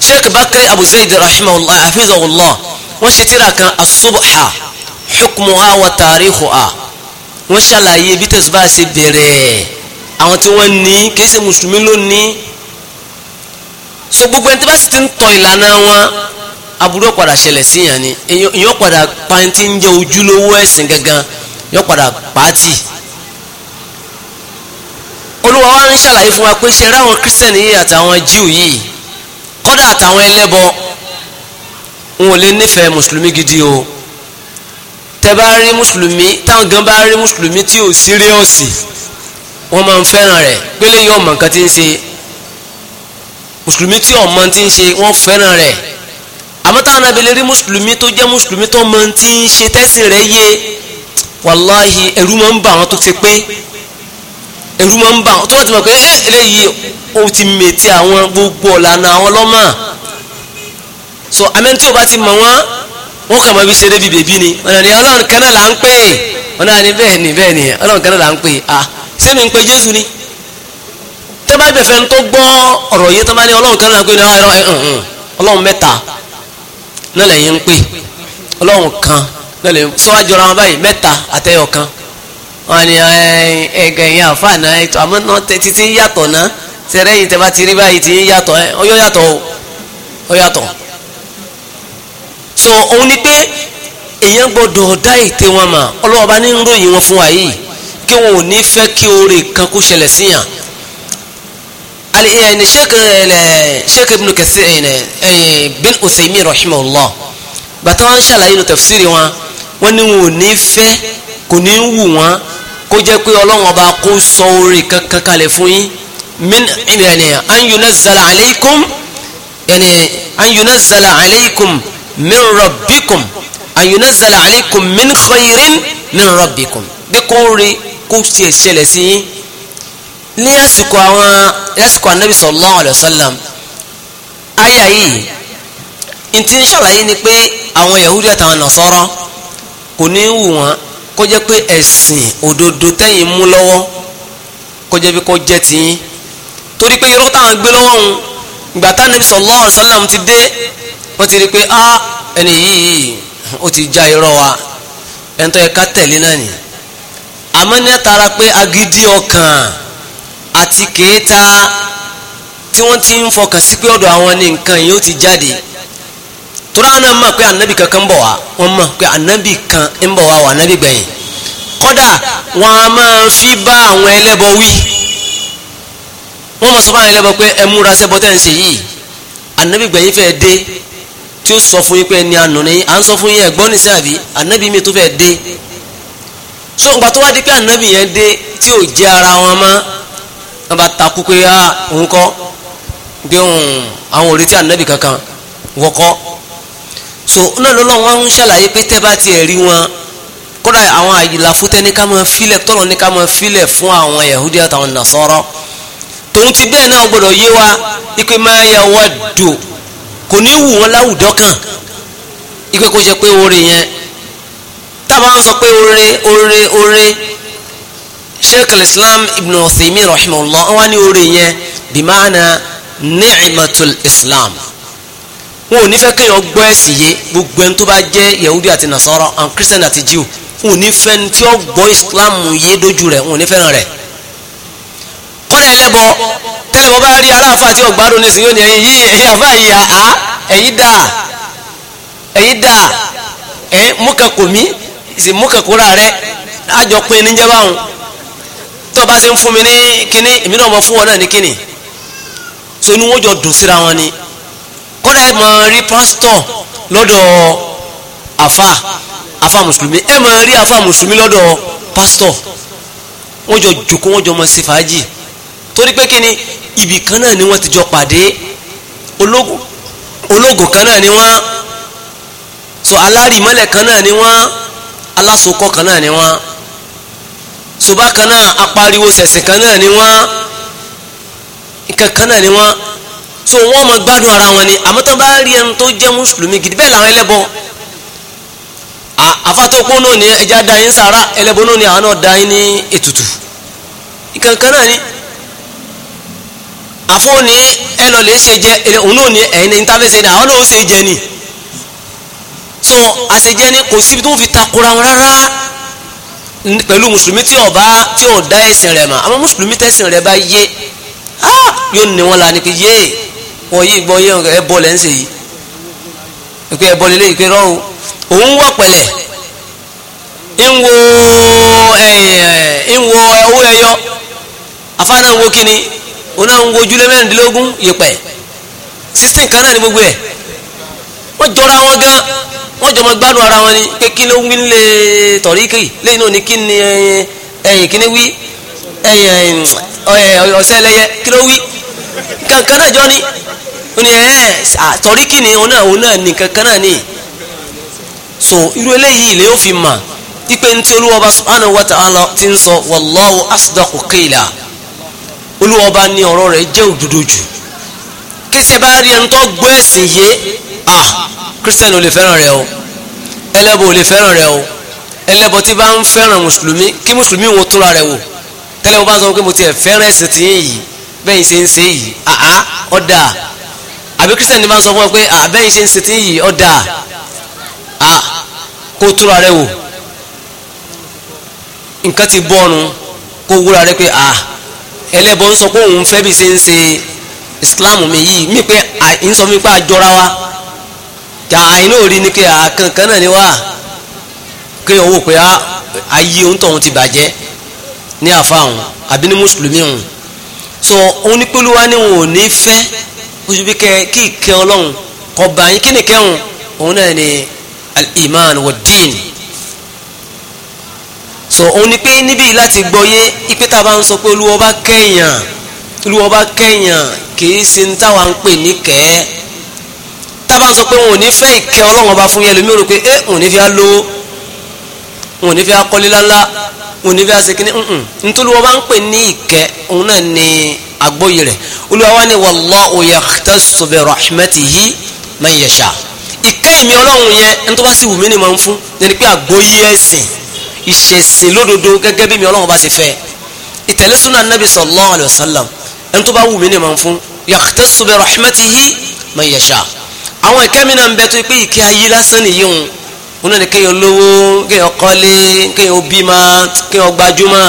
sheikh bakri abu zayd rahimahullah hafizahullah wọ́n ṣe tíra kan asubha hukmuha wa tarikhuha wọ́n ṣàlàyé bí tẹ̀síbà ṣe bẹ̀rẹ̀ àwọn tí wọ́n ní kìí ṣe mùsùlùmí lónìí so gbogbo ẹni tí bá sì ti ń tọ ìlànà wọn aburú padà ṣẹlẹ̀ síyàn ni èèyàn padà pa ẹni tí ń jẹ ojúlówó ẹ̀sìn gangan yóò padà pàátì olúwa wa ń ṣàlàyé fún wa pé ṣe ráwọn kírísítẹ́nì yìí àtàwọn jíù yìí kọ́dà àtàwọn ẹlẹ́bọ wọn ò nífẹ̀ẹ́ mùsùlùmí gidi o tẹ bá rí mùsùlùmí táwọn gan bá rí mùsùlùmí tí ò síríọ̀sì wọn máa ń fẹ́ràn rẹ̀ pé lẹ́yìn ọmọ nǹkan tí ń ṣe mùsùlùmí tí ọmọ ti ń ṣe wọ́n fẹ́ràn rẹ̀ àmọ́ táwọn abẹ́lẹ́ rí mùsùlùmí tó jẹ́ mùsùlùmí tó mọ ti ń ṣe tẹ́sìn rẹ̀ yé wàláhì ẹ̀rú máa ń bà wọ́n tó ṣe pé ẹ̀rù máa ń bà wọ́n tó bá ti mọ̀ pé ẹ́ eléyìí ó ti mètí àwọn gbogbo ọ̀làna àwọn lọ́mọ so amẹ́ni tí o bá ti mọ̀ wọ́n wọ́n kà máa fi ṣe débi bèbí ni ọ̀nà ni ọlọ́run kan náà là ń pè é ọ̀nà ni bẹ́ẹ̀ ni bẹ́ẹ̀ ni ọlọ́run kan náà là ń pè é à ṣé mi ń pe jésù ni tẹ́ bá dẹ̀fẹ́ tó gbọ́ ọ̀rọ̀ yìí tó bá ní ọlọ́run kan náà pè ní ọlọ́run mẹ́ta náà lẹ́yìn ń pè ọlọ́run kan náà wọn ni ẹgẹ yẹn àǹfààní ètò àmọ́ náà títí tí ń yàtọ̀ náà tẹ̀rẹ́ yìí tẹ́ bá ti rí báyìí ti ń yàtọ̀ ẹ ọyọ́ yàtọ̀ o ọ yàtọ̀ so òun ni pé èèyàn gbọ́dọ̀ dá ète wọn mà ọlọ́wọ́ bá ní ń ròyìn wọn fún wa yìí kí wọn ò ní fẹ́ kí oore kan kó ṣẹlẹ̀ síyàn alihiyani sheikh sheikh ibn Kathir bin Uthaymin rahimahullah bàtà wọn ń ṣàlàyé nu tafsiri wọn wọn ni wọn ò ní fẹ́ kò ní wù wọ́n kó jẹ́ pé ọlọ́run ọba kó sọ oore kankan kalẹ̀ fún yín min yani an yunazzala alaykum yani an yunazzala alaykum min rabbikum an yunazzala alaykum min khayrin min rabbikum bí kò rí kó tiẹ̀ ṣẹlẹ̀ sí yín ní àsìkò àwọn àsìkò anabi sallallahu alayhi wa sallam aya yìí ntí ń ṣàlàyé ni pé àwọn yahudi àtàwọn nasara kò ní wù wọ́n kó jẹ́ pé ẹ̀sìn òdodo tẹ́yìn mú lọ́wọ́ kó jẹ́ pé kó jẹ́ tiyín torí pé irọ́ táwọn gbé lọ́wọ́ ń ìgbà tá Nabi sallallahu alaihi wasallam ti dé wọ́n ti rí pé á ẹni yìí ó ti já irọ́ wa ẹni tó yẹ ká tẹ̀lé náà nì àmọ́ ní àtàrà pé agídí ọkàn àti kèéta tí wọ́n ti ń fọkàn sí pé ọ̀dọ̀ àwọn ní nǹkan yìí ó ti jáde tura náà mọ̀ anabi kankan ń bọ̀ wá wọ́n mọ̀ pé anabi kan ń bọ̀ wá wà anabi gbẹ̀yìn kódà wọn a máa fi bá àwọn ẹlẹ́bọ wí wọ́n mọ̀ sọ àwọn ẹlẹ́bọ pé ẹ múra sẹ́bọ yìí anabi gbẹ̀yìn fẹ́ dé tí ó sọ fún yín pé ẹni àná ni à ń sọ fún yín ẹ̀gbọ́n ní sáàbì anabi mi tó fẹ́ dé so ìgbà tó di pé anabi yẹn dé tí ò jẹ́ ara wọn mọ́ wọn bá takú pé ah òun kọ́ àwọn òretí anabi kankan wọ́kọ́ so náà lọ́lọ́ wọn ń ṣàlàyé pé tẹ́ bá tiẹ̀ rí wọn kódà àwọn àyìnlá fúnta ní ká máa filẹ̀ tọ́lọ̀ ní ká máa filẹ̀ fún àwọn yahudi àtàwọn nasọ́rọ́ tòun ti bẹ́ẹ̀ náà gbọ́dọ̀ yé wa ipe máa yà wá dò kò ní wù wọn láwùjọ kan ipe kò jẹ́ pé oore yẹn tábà ń sọ pé oore oore oore sheikh al-islam ibn Uthaymin rahimahullah wọn wá ní oore yẹn bí máa na ni'matul wọn ò ní fẹ́ kéèyàn gbọ́ ẹ̀sìn yé gbogbo ẹni tó bá jẹ́ yahudi àti nasara and christian àti jew wọn ò ní fẹ́ ni tí ó gbọ́ islam yé dójú rẹ̀ wọn ò ní fẹ́ràn rẹ̀ kọ́dà ẹlẹ́bọ tẹ́lẹ̀bọ bá rí aláàfáà tí ọgbádùn ní sìn yóò ní ẹ̀yìn yé ẹ̀yìn àfáà yìí àá ẹ̀yìn dà ẹ̀yìn dà ẹ̀ mọ́kàkùnmí sì mọ́kàkùnrà rẹ̀ mi ní kíní èmi náà mọ̀ fún ní kíní so inú wọn kódà ẹ mọ̀ rí pásítọ̀ lọ́dọ̀ àfà àfà mùsùlùmí ẹ mọ̀ rí àfà mùsùlùmí lọ́dọ̀ pásítọ̀ wọ́n jọ jòkó wọ́n jọ mọ̀ sí fàájì torí pé kí ni ibì kan náà ni wọ́n ti jọ pàdé ológo kan náà ni wọ́n so alárìmọ́lẹ̀ kan náà ni wọ́n alásokọ́ kan náà ni wọ́n so bákan náà apariwo sẹ̀sìn kan náà ni wọ́n nǹkan kan náà ni wọ́n so wọ́n mọ gbádùn ara wọn ni àmọ́ tó bá rí ẹni tó jẹ́ mùsùlùmí gidi bẹ́ẹ̀ làwọn ẹlẹ́bọ àfàtọ́kọ́ náà ni ẹja da yín sàrà náà ni àwọn náà da yín ní ètùtù ìkànkan náà ni àfọ́ ni ẹ lọ lè ṣe jẹ òun náà ni ẹ̀yin ní tábẹ́sẹ̀ ni àwọn náà ṣe jẹ ni so àṣejẹ ni kò síbi tó ń fi takora wọn rárá pẹ̀lú mùsùlùmí tí ó bá tí ó dá ẹ̀sìn rẹ̀ mà àmọ́ mùsùlùmí tẹ̀sìn rẹ̀ bá yé yóò ní wọn la ni kì yé pọ̀ yìí gbọ́ yé ẹbọ lẹ́ ń ṣe yìí ìpè ẹbọ lélẹ́ ìpè rọ́ọ̀ òun wọ̀ pẹ̀lẹ̀ ń wo ń wo owó ẹyọ àfa ń wo kíni òun náà ń wo ojúlé mẹ́rìndínlógún yìpẹ̀ sísìn kan náà ní gbogbo ẹ̀ wọ́n jọra wọn gan wọ́n jọmọ gbádùn ara wọn ni pé kí ló ń wí lé tọ̀ríkì lẹ́yìn náà ni kí ni ẹ̀yìn kí ni wí ẹ̀yìn ọ̀sẹ̀ ẹlẹ́yẹ kí ló wí kankan náà jọ ni ó ní ẹ sọrí kí ni òun náà òun náà nìkan kan náà ni so irú eléyìí lè ó fi mà ipe ntí olúwọba subhanahu wa ta'ala ti ń sọ wallahu asdaqu qila olúwọba ní ọ̀rọ̀ rẹ̀ jẹ́ òdodo jù kẹsẹ̀ bá rí ẹni tó gbọ́ ẹ̀sìn yé ah kírísítẹ́nì ò lè fẹ́ràn rẹ o ẹlẹ́bọ ò lè fẹ́ràn rẹ o ẹlẹ́bọ tí bá ń fẹ́ràn mùsùlùmí kí mùsùlùmí wo túnra rẹ wò tẹ́lẹ̀ bá sọ pé mo ti ẹ̀ fẹ́ràn ẹ̀sìn tì yìí bẹ́ẹ̀ ṣe ń ṣe yìí àá ọ̀dà àbí kírísítẹ̀n ní bá ń sọ fún ọ pé àbẹ́yìn ṣe ń ṣe tí ń yìí ọ̀dà à kó túra rẹ wò nǹkan ti bọ́ ọ̀run kó wúra rẹ pé à ẹlẹ́bọ̀ ń sọ pé òun fẹ́ bí ṣe ń ṣe Islam mi yìí mí pé ń sọ mi pé àjọra wa kí àìní òrí ni kí àkànkàn náà ni wá kí owó pé ayé òun tọ̀hún ti bàjẹ́ ní àfa àwọn àbí ní mùsùlùmí òun so òun ní pẹ́lú wa ni òun ò ní fẹ́ oṣù bí kẹ kí ìkẹ́ ọlọ́run kọba yín kí ni kẹ́hùn òun náà ni al-iman wa din so òun ni pé níbí láti gbọ́yé ipe tá a bá ń sọ pé olúwa bá kẹ́yàn olúwa bá kẹ́yàn kìí ṣe ń táwa ń pè ní kẹ́ẹ́ tá a bá ń sọ pé òun ní fẹ́ ìkẹ́ ọlọ́run ọba fún yẹn lómi rò pé ẹ eh, òun ní fi á lówó òun ní fi á kọ́lé láńlá òun ní fi á ṣe kínní ntòlúwọ́ ń pè ní ìkẹ́ òun náà ni àgbóyè rẹ̀ olúwa wa ni wallahu yakhtassu bi rahmatihi man yasha ìkẹ́ mi ọlọ́run yẹn ẹni tó bá sì wù mí ni mo ń fún ẹni pé àgbóyè ẹ̀sìn ìṣẹ̀sìn lódodo gẹ́gẹ́ bí mi ọlọ́run bá ṣe fẹ́ ìtẹ̀lé súnà nàbì sallallahu alayhi ẹni tó bá wù ni mo ń fún yakhtassu bi rahmatihi man yasha àwọn ìkẹ́ mi náà ń bẹ tó pé ìkẹ́ ayé lásán nìyí òun náà ni kéèyàn lówó kéèyàn kọ́lé kéèyàn bímọ kéèyàn gbajúmọ̀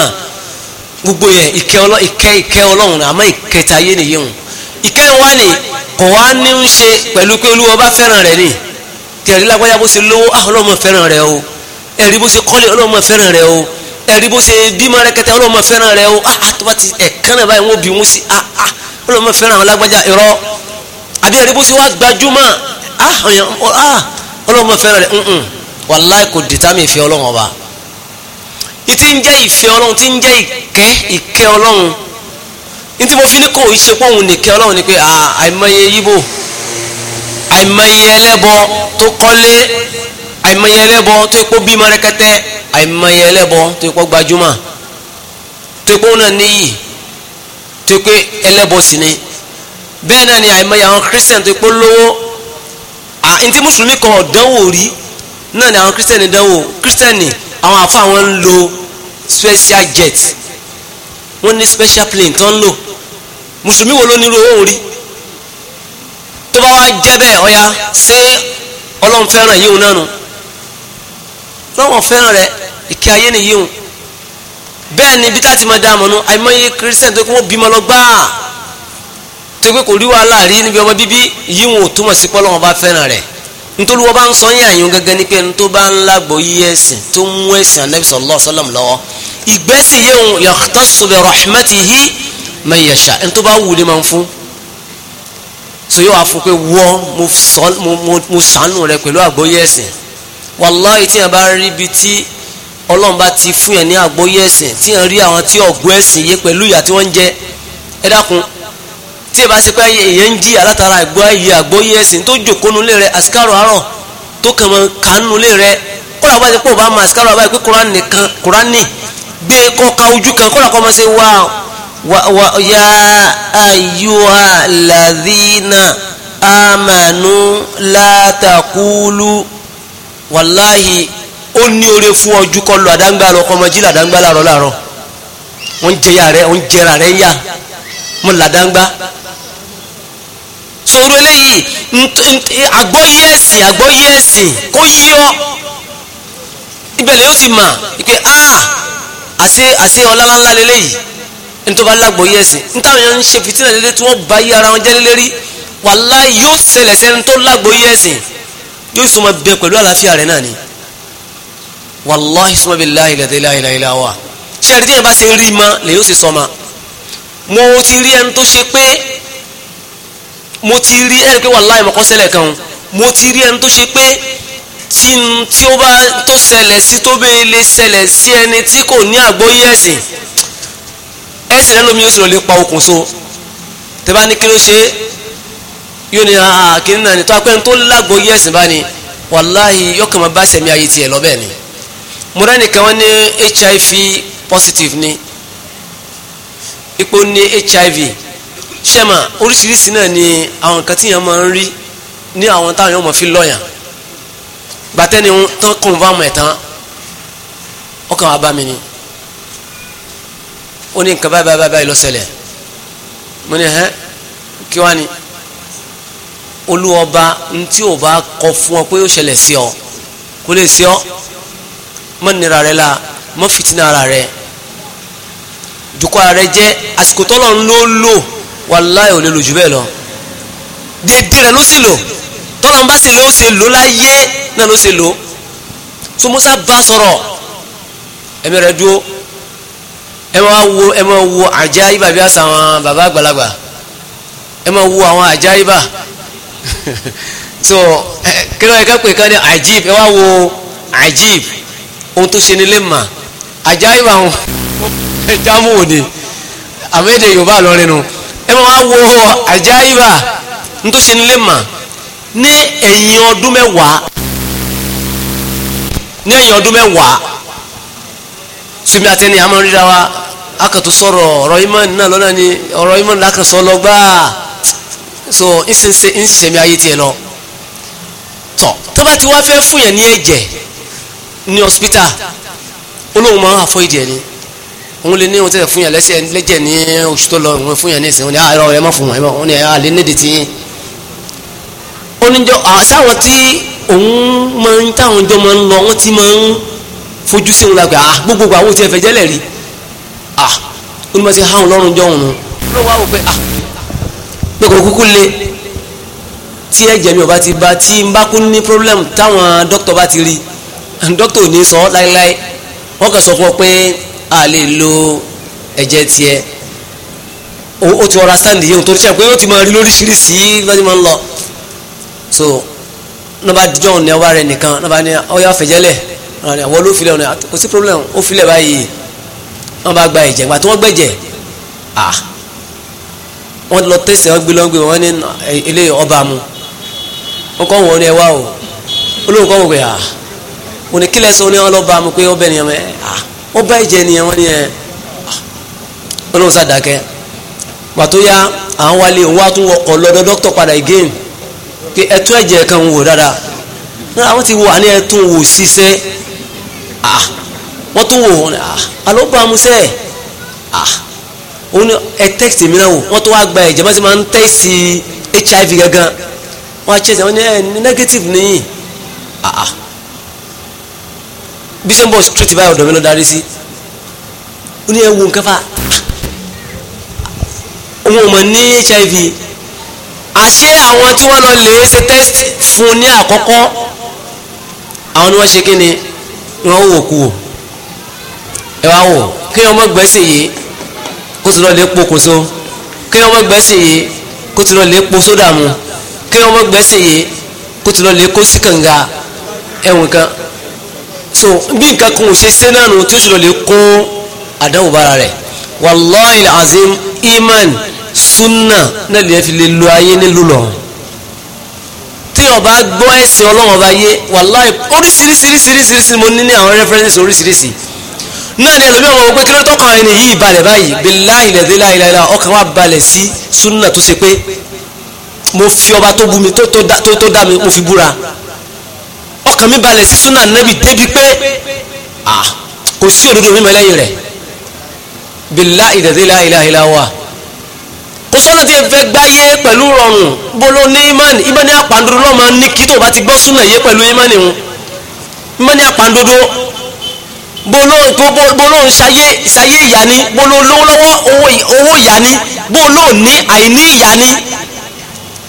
gbogbo yẹn ìkẹ́ ọlọ́ ìkẹ́ ìkẹ́ ọlọ́run àmọ́ ìkẹta ayé nìyí hùn ìkẹ́ wọn ni kò wá ní ń ṣe pẹ̀lú pé olúwa bá fẹ́ràn rẹ̀ ni tẹ̀rí lágbájá bó ṣe lówó ah, ọlọ́mọ fẹ́ràn rẹ̀ o ẹ̀rí bó ṣe kọ́lé ọlọ́mọ fẹ́ràn rẹ̀ o ẹ̀rí bó ṣe bímọ rẹ̀kẹtẹ ọlọ́mọ fẹ́ràn rẹ̀ o ah àtúbà ah, ti ẹ̀kan náà báyìí wọ́n bí wọ́n sí ah ah ọlọ́mọ fẹ́ràn àwọn lágbájá irọ́ àbí ẹ̀rí bó ṣe wá gbajúmọ̀ ah, ah ọlọ́mọ fẹ́ràn rẹ̀ wàláì kò dìtámì ìfẹ́ ọlọ́mọ ọba ìtí ń jẹ́ ìfẹ́ ọlọ́run tí ń jẹ́ ìkẹ́ ìkẹ́ ọlọ́run ní tí mo fi ní kò í ṣe pé òun nìkẹ́ ọlọ́run ni pé àìmọye yíbò àìmọye ẹlẹ́bọ tó kọ́lé àìmọye ẹlẹ́bọ tó ipò bí mọ́rẹ́kẹ́tẹ́ àìmọye ẹlẹ́bọ tó ipò gbajúmọ̀ tó ipò náà níyì tó ipò ẹlẹ́bọ sì ni bẹ́ẹ̀ náà ni àìmọye àwọn kírísítẹ̀n tó ipò lówó à ní tí mùsùlùmí kan ọ̀dánwò rí náà ni àwọn kírísítẹ̀n dánwò kírísítẹ̀nì àwọn afa wọn ń lo special jet wọ́n ní special plane tó ń lò mùsùlùmí wo ló nírú owó rí tó bá wá jẹ́ bẹ́ẹ̀ ọ̀ya ṣé ọlọ́run fẹ́ràn yíhun náà nù lọ́wọ́n fẹ́ràn rẹ̀ ìkẹ́ ayé ni yíhun bẹ́ẹ̀ ni bí táà ti máa dáa mọ̀nú àìmọye kírísítẹ̀n tó kí wọ́n bímọ lọ gbáà tó pé kò rí wàhálà rí níbi ọmọ bíbí yíhun ò túmọ̀ sí pé bá fẹ́ràn rẹ̀ nítorí wọ́n bá ń sọ yín àyàn gẹ́gẹ́ ní pé ẹni tó bá ń lágbo yí ẹ̀sìn tó ń mú ẹ̀sìn anabi sallallahu alaihi wasallam lọ́wọ́ ìgbésí yéhun yahtasu bi rahmatihi man yasha ẹni tó bá wù lé máa ń fún so yóò wá fún pé wọ́ mo sànù rẹ pẹ̀lú àgbóyé ẹ̀sìn wàláhì tí yẹn bá rí ibi tí ọlọ́run bá ti fún yẹn ní àgbóyé ẹ̀sìn tí yẹn rí àwọn tí ọ̀gbọ́ ẹ̀sìn yé pẹ̀lú ìyà tí wọ́n ń jẹ ẹ dákun tí ìbá ṣe pé èèyàn ń jí alátara àgbọ́ ayé àgbóyé ẹ̀sìn tó jòkónú lé rẹ àsìkárò àárọ̀ tó kàn mọ́ kánú lé rẹ kóra bá ṣe pé òbá mọ àsìkárò àbáyé pé kúránì kan kúránì gbé kọ́ka ojú kan kóra kọ́ mọ́ ṣe wá wà ya ayyuha aladina amanu la taqulu wàláhì ó ní oore fún ọjọ́ kọ́ lọ àdáńgbà lọ kọ́ mọ́ jí làdáńgbà làárọ̀ làárọ̀ wọ́n jẹ́yà rẹ̀ wọ́n jẹ́ra rẹ̀ yá mo làdáńgbà orú eléyìí àgbọ́yé ẹ̀sìn àgbọ́yé ẹ̀sìn kó yí ọ ibẹ̀ lè yóò fi mà ike ah àṣe àṣe ọlọ́lá lélẹ́yìí nítorí wọn lágbọ́yé ẹ̀sìn nítawọn yẹn ń ṣe fìtínà lélẹ́ tí wọ́n bá yí ara wọn jẹ́ lélẹ́rí wàláhì yóò ṣẹlẹ̀ sẹ́ni tó lágbọ́yé ẹ̀sìn yóò súnmọ́ bẹ pẹ̀lú àlàáfíà rẹ̀ náà ni wàláhì súnmọ́ bẹ láìlẹ̀ láìláìlá mo ti rí ẹni mo ti rí ẹni pé wàláì mọ̀kọ́sẹ́lẹ̀ kan mo ti rí ẹni tó ṣe pé tí tí ó bá tó ṣẹlẹ̀ sí tó bẹ́ẹ̀ lè ṣẹlẹ̀ sí ẹni tí kò ní àgbóyé ẹ̀sìn ẹ̀sìn lẹ́nu mi yóò sì lọ lè pa okùn so tẹ́ bá ní kí ló ṣe yóò ní àkíní ah, ah, náà ní tó apẹ́ni tó lágbóyé ẹ̀sìn bá ní wàláì yọkàn máa bá sẹ̀mí ayé tiẹ̀ lọ ni mo rẹ́nìkan wọn ní hiv positive ni ipò ní hiv sẹ́mà oríṣiríṣi náà ni àwọn nǹkan tí yẹn máa ń rí ní àwọn táwọn yẹn fi lọ́yàn gbàtẹ́ni tán kùn fáwọn ẹ̀tàn ọkàn wa bá mi ni ó ní nǹkan báyìí báyìí báyìí ló ṣẹlẹ̀ mo ní hẹ́n kí wá ni olúwọba ntí ò bá kọ fún ọ pé ó ṣẹlẹ̀ sí ọ kó lè sí ọ mọ nira rẹ la mọ fitina ara rẹ jùkọ́ ara rẹ jẹ́ àsìkò tọ́lọ̀ ń wàláì ò lè lò jù bẹ́ẹ̀ lọ dédé rẹ̀ ló sì lò tọ́lọ̀ ń bá sì ló ṣe lò láyé náà ló ṣe lò so musa bá sọ̀rọ̀ ẹ̀mí rẹ̀ dúró ẹ máa wo ẹ máa wo àjáyíbà bí àṣà àwọn bàbá àgbàlagbà ẹ máa wo àwọn àjáyíbà so kí ló yẹ ká pè kán ní ajib ẹ wá wo ajib ohun tó ṣe ní lè mà àjáyíbà àwọn ẹja mú òde àmì èdè yorùbá lọrin nu ẹmọ wá wo àjáyíbà ní tó ṣe nílé mà ní ẹ̀yìn ọdún mẹ́wàá ní ẹ̀yìn ọdún mẹ́wàá sùnmí àtẹni àmọ́ ríra wa akàtò sọ̀rọ̀ ọ̀rọ̀ imán náà lọ́nà ni ọ̀rọ̀ imán lákàtọ̀ lọ́gbà so ìsinsin ìsinmi ayé tiẹ̀ lọ tọ̀ tó bá ti wá fẹ́ fún yẹn ní ẹ̀jẹ̀ ní hospital olóhùn máa ń àfọ ìdí ẹ̀ òun lè ní òun tẹ̀sẹ̀ fún yàn lẹ́sẹ̀ lẹ́jẹ̀ ní oṣù tó lọ òun fún yàn ní ìsìn òun ní àárọ̀ ah, ẹ má fún wọn òun ní àlẹ́ ah, nídi tí. oníjọ àṣàwọn tí òun máa ń táwọn jọ máa ń lọ wọn ti máa ń fojú sí òun lágbà ah gbogbo àwọn ò tiẹ̀ fẹ̀jẹ̀ lẹ̀ rí ah ó ní ma ṣe háwọn lọ́rùn jọ òun nù. ló wá wò pé ah lóko kúkú le tí ẹ̀jẹ̀ mi ò bá ti ba tí n bá kú ní problem táwọn dókítà bá ti rí dókítà ò ní sọ láéláé wọ́n kàn sọ fún ọ pé a lè lo ẹ̀jẹ̀ tiẹ̀ o ti ọ̀rọ̀ sáǹdì yẹn o tó ti sẹ́ pé o ti máa rí lóríṣiríṣi lọ́dí máa ń lọ so nọba dijọ́ ní ọba rẹ nìkan nọba ní ọyọ àfẹ̀jẹ̀lẹ̀ àwọn ló filẹ̀ ọ̀nà ah, kò sí problem ó filẹ̀ báyìí wọ́n bá gba ẹ̀jẹ̀ gbà tí wọ́n gbẹ̀jẹ̀ ah wọ́n lọ tẹ̀sẹ̀ wọ́n gbé lọ́n gbé wọ́n ní ilé eh, ọba mu ah. wọ́n kọ́ wọ́n ní ẹwà o olóhùn kọ́ wọ́n gbé ah òní kílẹ̀ sọ ní ọlọ́ba mu pé ọbẹ̀ ni ọmọ ẹ̀ ah ó bá ìjẹ nìyẹn wọ́n ní ẹ ah, ọlọ́run sàdákẹ́ pàtó yá à ń wálé òun wá tún wọkọ̀ lọ́dọ̀ dókítà padà again pé ẹtú ẹ̀jẹ̀ kan ń wò dáadáa náà àwọn ti wò àní ẹtún wò ṣiṣẹ́ ah, wọ́n tún wò àlọ́ ah, bá a mú sẹ́ẹ̀ òun ni ẹ text mi náà wò wọ́n tún wá gba ẹ̀jẹ̀ bọ́sẹ̀ máa ń tẹ́sí HIV gangan wọ́n á ṣe é ní ẹ negative nìyí bí ṣe ń bọ̀ street báyìí ọ̀dọ̀ mi ló darí sí ó ní ẹ wo nǹkan fà òun ò mọ̀ ní hiv àṣé àwọn tí wọ́n lọ lè ṣe test fún ní àkọ́kọ́ àwọn ni wọ́n ṣe kíni ni wọ́n wò kú wò ẹ wá wò kí ọmọ gbẹ́sẹ̀ yìí kó tún lọ lè pokùnso kí ọmọ gbẹ́sẹ̀ yìí kó tún lọ lè po sódà mu kí ọmọ gbẹ́sẹ̀ yìí kó tún lọ lè kó sí ẹ̀wọ̀n kan so bí nǹkan kan ò ṣe ṣe náà nù tí ó lè kó àdáwò bára rẹ̀ wàláhì azim iman sunna náà lè fi lè lo ayé nílùú lọ tí ọba gbọ́ ẹ̀sìn ọlọ́run ọba yé wàláhì oríṣiríṣiríṣiríṣi mo ní ní àwọn references oríṣiríṣi náà ni ẹlòmíràn wọn pé kí ló tọkàn ẹni yìí balẹ̀ báyìí billahi lẹ́dí láìláìlá ọkàn wa balẹ̀ sí sunna tó ṣe pé mo fi ọba tó bú mi tó dá mi mo fi búra ọkàn mi balẹ̀ sí súnà nàbì débi pé kò sí òdodo mímọ́ lẹ́yìn rẹ̀ bìlá ìdẹ̀dẹ́lá ìlàhìlá wa kò sọ́nà tí ẹ fẹ́ gbáyé pẹ̀lú rọrùn bolo ní imani imani apàǹdodo lọ́mọ ní kí tó bá ti gbọ́ súnà yé pẹ̀lú imani wọn imani apàǹdodo bolo bolo ṣayé ìṣayé ìyá ni bolo lówó lọ́wọ́ owó ìyá ni bolo ní àìní ìyá ni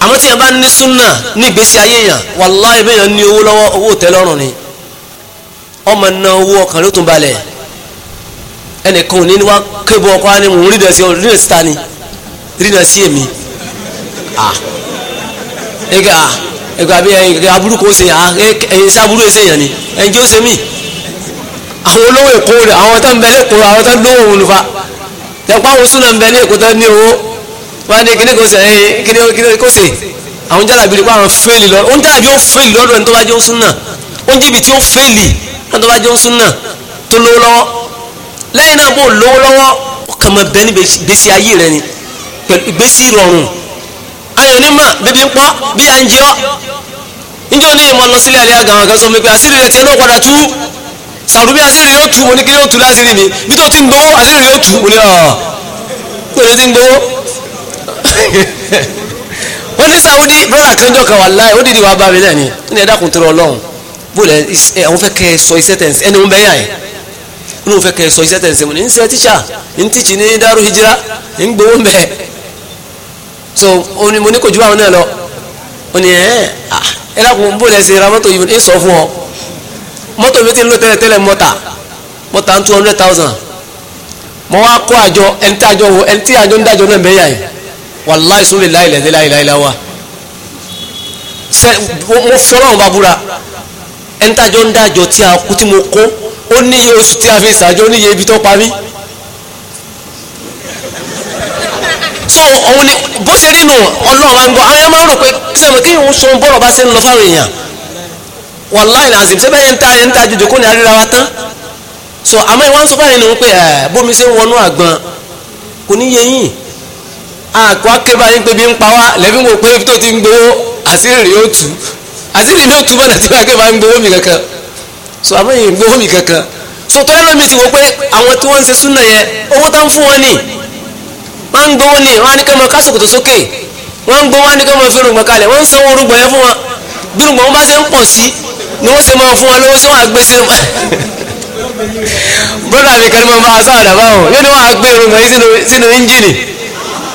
àmọ́ tí yẹn bá ní súnà ní ìgbésí ayé yàn wàláhì bẹ́ẹ̀ yẹn ní owó lọ́wọ́ owó tẹ́lọ́rùn ni ọmọ náà owó ọkàn ló tún balẹ̀ ẹnìkan ò ní wá kébọ ọkọ ni mò ń rí dẹ̀sí rí dẹ̀sí ta ni rí dẹ̀sí èmi ẹgbẹ́ à ẹgbẹ́ àbí ẹgbẹ́ aburú kò ṣe à ẹyin sá aburú ẹsẹ̀ yẹn ni ẹyin jẹ́ ó ṣe mí àwọn olówó èkó rẹ̀ àwọn tó ń bẹ lẹ́kọ̀ọ́ àwọn tó ń lówó òun fa tẹ̀pá àwọn súnà ń bẹ ní èkó tó ń ní owó wọ́n á ní kíní kò sè é kíní kíní kò sè àwọn jálàbí rí pé àwọn fẹ́ẹ̀lì lọ́dọ̀ oúnjẹ àbí ó fẹ́ẹ̀lì lọ́dọ̀ ẹni tó bá jẹ́ ó súnà oúnjẹ ibi tí ó fẹ́ẹ̀lì ẹni tó bá jẹ́ ó súnà tó lówó lọ́wọ́ lẹ́yìn náà bó lówó lọ́wọ́ ọkàn mọ̀ bẹ́ẹ̀ ní gbèsè ayé rẹ ni gbèsè rọrùn ayọ̀ onímọ̀ bíbí ń pọ́ bí à ń jẹ́ ọ́ níjọ́ ní ìmọ̀ lọ sílé àlẹ́ àgàn ni ó tú láṣírí mi bí tó ti ó ní sáwọ́dí brọ́dà kan jọ kan wà láì ó dìde wàá bá mi náà ni ní ẹ̀dá kùn tó rọ ọlọ́run bóòlù ẹ àwọn fẹ́ kẹ́ ẹ sọ iṣẹ́ tẹ̀sí ẹni òun bẹ́ yà ẹ̀ ó lóun fẹ́ kẹ́ ẹ sọ iṣẹ́ tẹ̀sí mo ní ń ṣe tíṣà ń tíṣì ní dárú hijira ń gbowó ń bẹ̀ so oní mo ní kò ju àwọn náà lọ ó ní ẹ ẹ̀dá kùn bóòlù ẹ ṣe ra mọ́tò yìí ń sọ fún ọ mọ́tò mi ti ń lò tẹ́lẹ̀ tẹ́lẹ̀ mọ́tà mọ́tà ń two hundred thousand mo wàláì sóbè láìlẹ̀ láìláìlá wa mo fọ́lọ́run bá búra ẹnitájọ́ ń dájọ́ tí a kú tí mo kó ó níye oṣù tí a fi ṣàjọ́ ó níye ibi tó parí so òun ni bó ṣe rí nù ọlọ́run bá ń bọ̀ àwọn èèyàn máa ń rò pé sẹ́mi kí òun sọ bọ́rọ̀ bá ṣe ń lọ fáwọn èèyàn wàláì náà àṣìbí sẹ́bẹ̀ ẹ̀ńtà ẹ̀ńtà jòjò kó ní aríra wa tán so àmọ́ ìwọ́n sọ fáwọn ènìyàn pé bómi ṣe ń wọnú àgbọn kò ní yẹ yín àkọ́ akébá yín pé bí ń pa wá lẹ́bí wò pé tó ti ń gbowó àṣírí rèé ó tù àṣírí ni ó tù bọ́dà tí akébá ń gbowó mi kankan so àbẹ́yìn gbowó mi kankan so tọ́lá lómi ti wò pé àwọn tí wọ́n ń ṣe súnà yẹn owó tán fún wọn ni wọ́n ń gbowó ni wọ́n á ní kẹ́ mọ kásòkòtò sókè wọ́n ń gbowó wọ́n á ní kẹ́ mọ fi rògbòn kalẹ̀ wọ́n ń sanwó rògbòn yẹn fún wọn bí rògbòn wọn bá ṣe ń pọ̀ sí ni wọ́n ṣe máa fún wọn lọ́wọ́ sí wọn àgbẹ̀ sínú broda mi kan ni mo máa sọ àdàbà wọn yóò ní wọn àgbẹ̀ rògbòn yìí sínú injìnì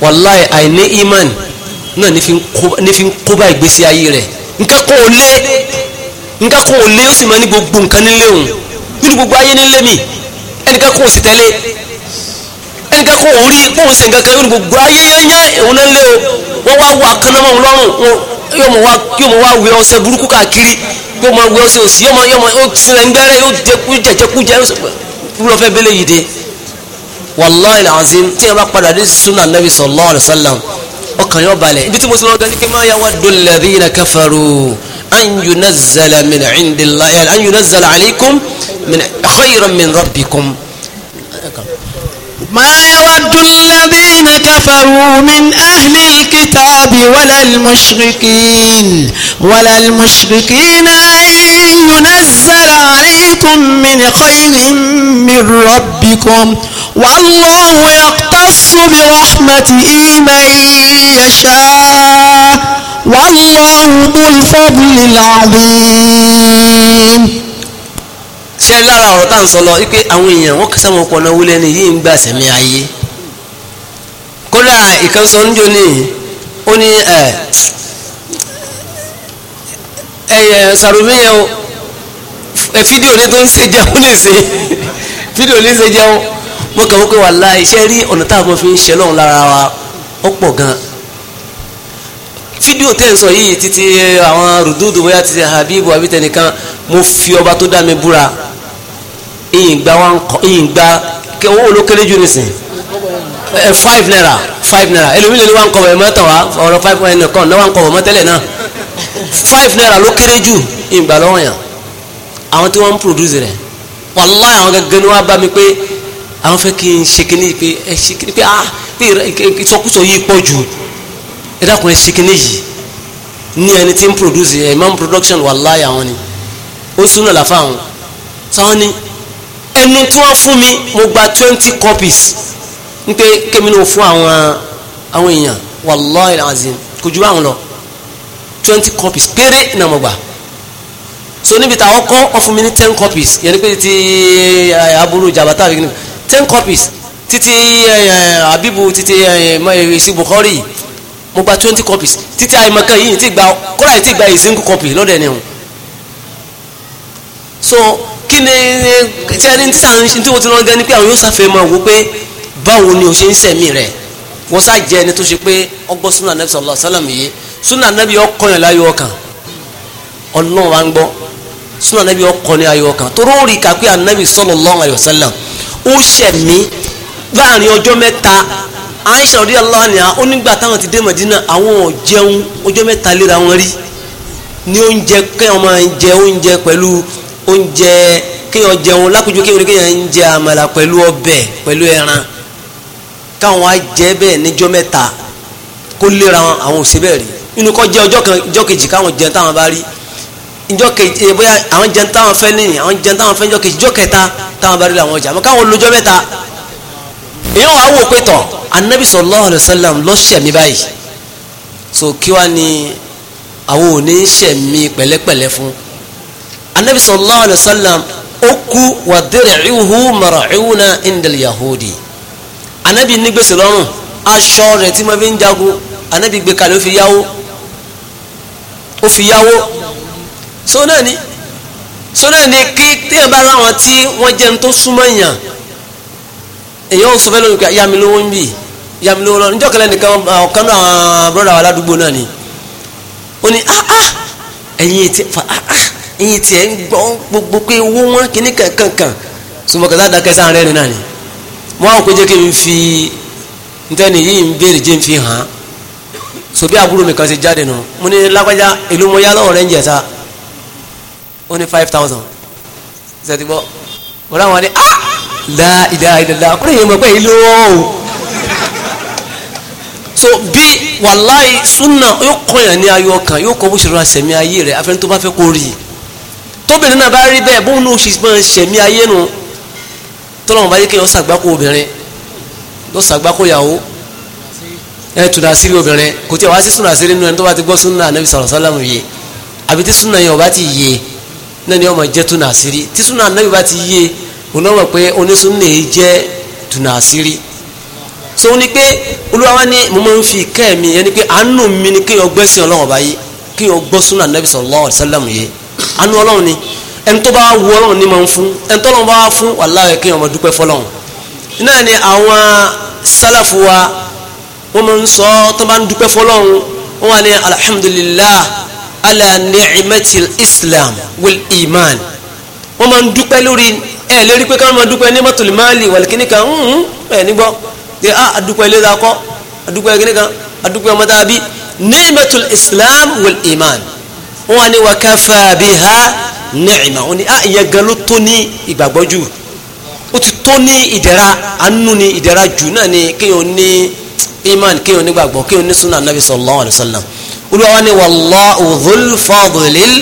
wàláì àìní iman náà ní fi ń kóbá ìgbésí ayé rẹ̀ nǹkan kan ò lé nǹkan kan ò lé ó sì máa ní gbogbo nǹkan nílé òun nínú gbogbo ayé nílé mi ẹnìkan kan ò sì tẹ́lé ẹnìkan kan ò rí bóun ṣe nǹkan kan nínú gbogbo ayé yẹ́nyẹ́ òun náà lé o wọ́n wá wà kánámọ́ òun lọ́rùn yóò mọ̀ wá wẹ ọṣẹ burúkú káàkiri yóò mọ̀ wẹ ọṣẹ òsì yóò mọ̀ ó sinmi ẹgbẹ́rẹ́ yóò yóò sọ pé wúlọ́fẹ́ والله العظيم تي ما قد حديث سنه النبي صلى الله عليه وسلم وكان يوبا لي انت مو سمعوا قال كما يود الذين كفروا ان ينزل من عند الله ان ينزل عليكم من خيرا من ربكم ما يود الذين كفروا من أهل الكتاب ولا المشركين ولا المشركين أن ينزل عليكم من خير من ربكم والله يقتص برحمته من يشاء والله ذو الفضل العظيم ṣe lára ọ̀rọ̀ tá à ń sọ lọ wípé àwọn èèyàn wọ́n kí sáwọn ọpọlọ wúlẹ̀ ni yìí ń gbà sẹ́mi ayé kódà ìkànsọ ń ó ní ẹ sàrùmí yẹn o ẹ fídíò ní tó ń ṣe jẹun ní ṣe fídíò ní ṣe jẹun mo kàn wọ́n pé wàláhì iṣẹ́ rí ọ̀nà tá a mọ̀ fi ń ṣe lọ́run lára wa ó pọ̀ gan fi ọba tó dá ìyìngbà wa ń kọ ìyìngbà owó olókéré jù nìsín ẹ eh, five naira five naira ẹlòmíì lè ní wa ń kọ̀wé mọ́tà wa ọ̀rọ̀ five naira kan náà wa ń kọ̀wé mọ́tẹ́lẹ̀ náà five naira ló kéré jù ìyìngbà lọ́wọ́ yẹn àwọn tí wọ́n ń produce rẹ̀ wàláhì àwọn gẹ́gẹ́ ni wọ́n bá mi pé àwọn fẹ́ kí n ṣe kíní pé ẹ ṣe kíní pé ah pé ìsọkúsọ yìí pọ̀ jù ẹ dákun ẹ ṣe kíní yìí ní ẹni tí ń produce ẹ̀ imam production wàláhì àwọn ni ó súnà láfa àwọn táwọn ni ẹni tí wọ́n fún mi mo gba twenty copies n pé kémi ló fún àwọn àwọn èèyàn wallahi alazim kò ju báwọn lọ twenty copies péré náà mo gbà so níbi táwọn kọ́ ọ fún mi ní ten copies yẹn ni pé ti eh, aburú jabata ten copies Titi eh, eh, abibu titi esi bukhari mo gba twenty copies Titi àìmọ̀kan yìí ti gba kọ́ra yìí ti gba a single copy lọ́dẹ̀ ni o so kí ni ṣe ní tí àwọn tí mo ti rán gan ni pé àwọn yóò sáfẹ́ máa wò pé báwo ni o ṣe ń sẹ̀mí rẹ̀ wọ́n sá jẹ́ ẹni tó ṣe pé ọgbọ́n súnà nàbì sallallahu alaihi yìí súnà nàbì ọkọyàn láyé ọkàn ọlọ́run wa ń gbọ́ súnà nàbì ọkọni ayé ọkàn tó rọrì kàpé ànàbì sallallahu alaihi wasallam ó ṣẹ̀mí láàrin ọjọ́ mẹ́ta Aisha radiyallahu anha ó nígbà táwọn ti dé Madina àwọn ò jẹun ọjọ́ mẹ́ta léra wọn rí ní oúnjẹ kẹ́ ọmọ jẹ oúnjẹ pẹ̀lú oúnjẹ kéèyàn jẹun lápẹjù kéèyàn kéèyàn ń jẹ àmàlà pẹ̀lú ọbẹ̀ pẹ̀lú ẹran káwọn á jẹ bẹ́ẹ̀ níjọ́ mẹ́ta kó léra àwọn òsè bẹ́ẹ̀ rí inú kọ́ jẹ́ ọjọ́ kan ìjọ́ kejì káwọn jẹun táwọn bá rí ìjọ́ kejì ẹ eh, bóyá àwọn jẹun táwọn fẹ́ nìyí àwọn jẹun táwọn fẹ́ ìjọ́ kejì ìjọ́ kẹta táwọn bá rí làwọn ọjà àmọ́ káwọn lójọ́ mẹ́ta èèyàn wàá wò pé tọ̀ anabi sallallahu so kí wàá ní àwọn òní ṣẹ̀mí anabi sallallahu alayhi wa sallam ó kú wà dir'uhu mar'una indal yahudi anabi ní gbèsè lọ́rùn aṣọ rẹ̀ tí mo fi ń jagun anabi gbé kalẹ̀ ó fi yáwó ó fi yáwó so náà ni so náà ni kí téèyàn bá láwọn tí wọ́n jẹ́ ní tó súnmọ́ yàn èyàn ò sọ fẹ́ lónìí pé yá mi lówó ń bì yá mi lówó lọ níjọ́ kẹlẹ́ nìkan ọ̀kan náà àwọn bọ́dà wa ládùúgbò náà ni ó ní ah ah ẹ̀yin ti fa ah ah iye tiẹ̀ ń gbọ́ gbogbo pé owó wọn kíní kankan kan sọmọkàtà dákẹ́sà rẹ̀ nínú àná wọn àwọn kò jẹ́ kí n fi ntẹ́ni yìí ń béèrè jẹ́ n fi hàn án àbúrò mi kan ṣe jáde nù mo ní lágbájá ìlú mo yá lọ́wọ́ rẹ̀ ń jẹ̀ta ó ní five thousand ṣètì bọ́ wọ́n ráwọn ní ah la ilaha illallah kúrò yìí mọ̀ pé ìlú wọn o so bí wàláì súnà yóò kọyàn ní ayọ̀ kan yóò kọ bó ṣe rọra sẹ̀mí ayé rẹ̀ afẹ́ni bá fẹ́ kó rí i tóbìnrin náà bá rí bẹ́ẹ̀ bóun náà ṣe máa ń ṣẹ̀mí ayé nu tọ́lọ́mù bá yẹ kéèyàn ṣàgbákò obìnrin lọ ṣàgbákò ìyàwó ẹ tùnà sírí obìnrin kò tí ẹ wá sí súnà sírí nínú ẹni tó bá ti gbọ́ súnà anabi sàrọ̀ sálàmù yìí àbí tí súnà yẹn ò ti yé náà ni ọmọ jẹ́ tùnà sírí tí súnà anabi bá ti yé olóòmọ pé onísúnà yìí jẹ́ tùnà sírí so ní pé olúwa wa ní mo máa ń fi ìkẹ́ mi yẹn ni pé àánú mi ni kéèyàn gbẹ́sìn ọlọ́wọ́ báyìí kéèyàn gbọ́ súnà anabi sàrọ̀ sálàmù yìí anú ọlọ́run ni ẹni tó bá wu ọlọ́run ni máa ń fún ẹni tó lọ́run bá wá fún wàláhì kí ọmọ dúpẹ́ fọlọ́run náà ni àwọn sálàfù wa wọ́n máa ń sọ tó bá ń dúpẹ́ fọlọ́run wọ́n wà ní alhamdulillah ala ni'imati islam wal iman wọ́n máa ń dúpẹ́ lórí ẹ̀ lérí pé káwọn máa dúpẹ́ ní mọ́tòlímáàlì wàlíkíníkà ẹ̀ nígbọ́ pé ah, a adúpẹ́ ilé dákọ́ adúpẹ́ kíníkà adúpẹ́ ọmọdé àbí ni'matul islam wal iman wọ́n ní wakafa biha ni'ma wọ́n ní a ah, ìyẹn gan ló tó ní ìgbàgbọ́ jù ó ti tó ní ìdẹ̀ra anú ní ìdẹ̀ra jù náà ni kéèyàn ní iman kéèyàn nígbàgbọ́ kéèyàn ní sunnah nabi sallallahu alayhi wa sallam olúwa wa ni wallahu dhul fadlil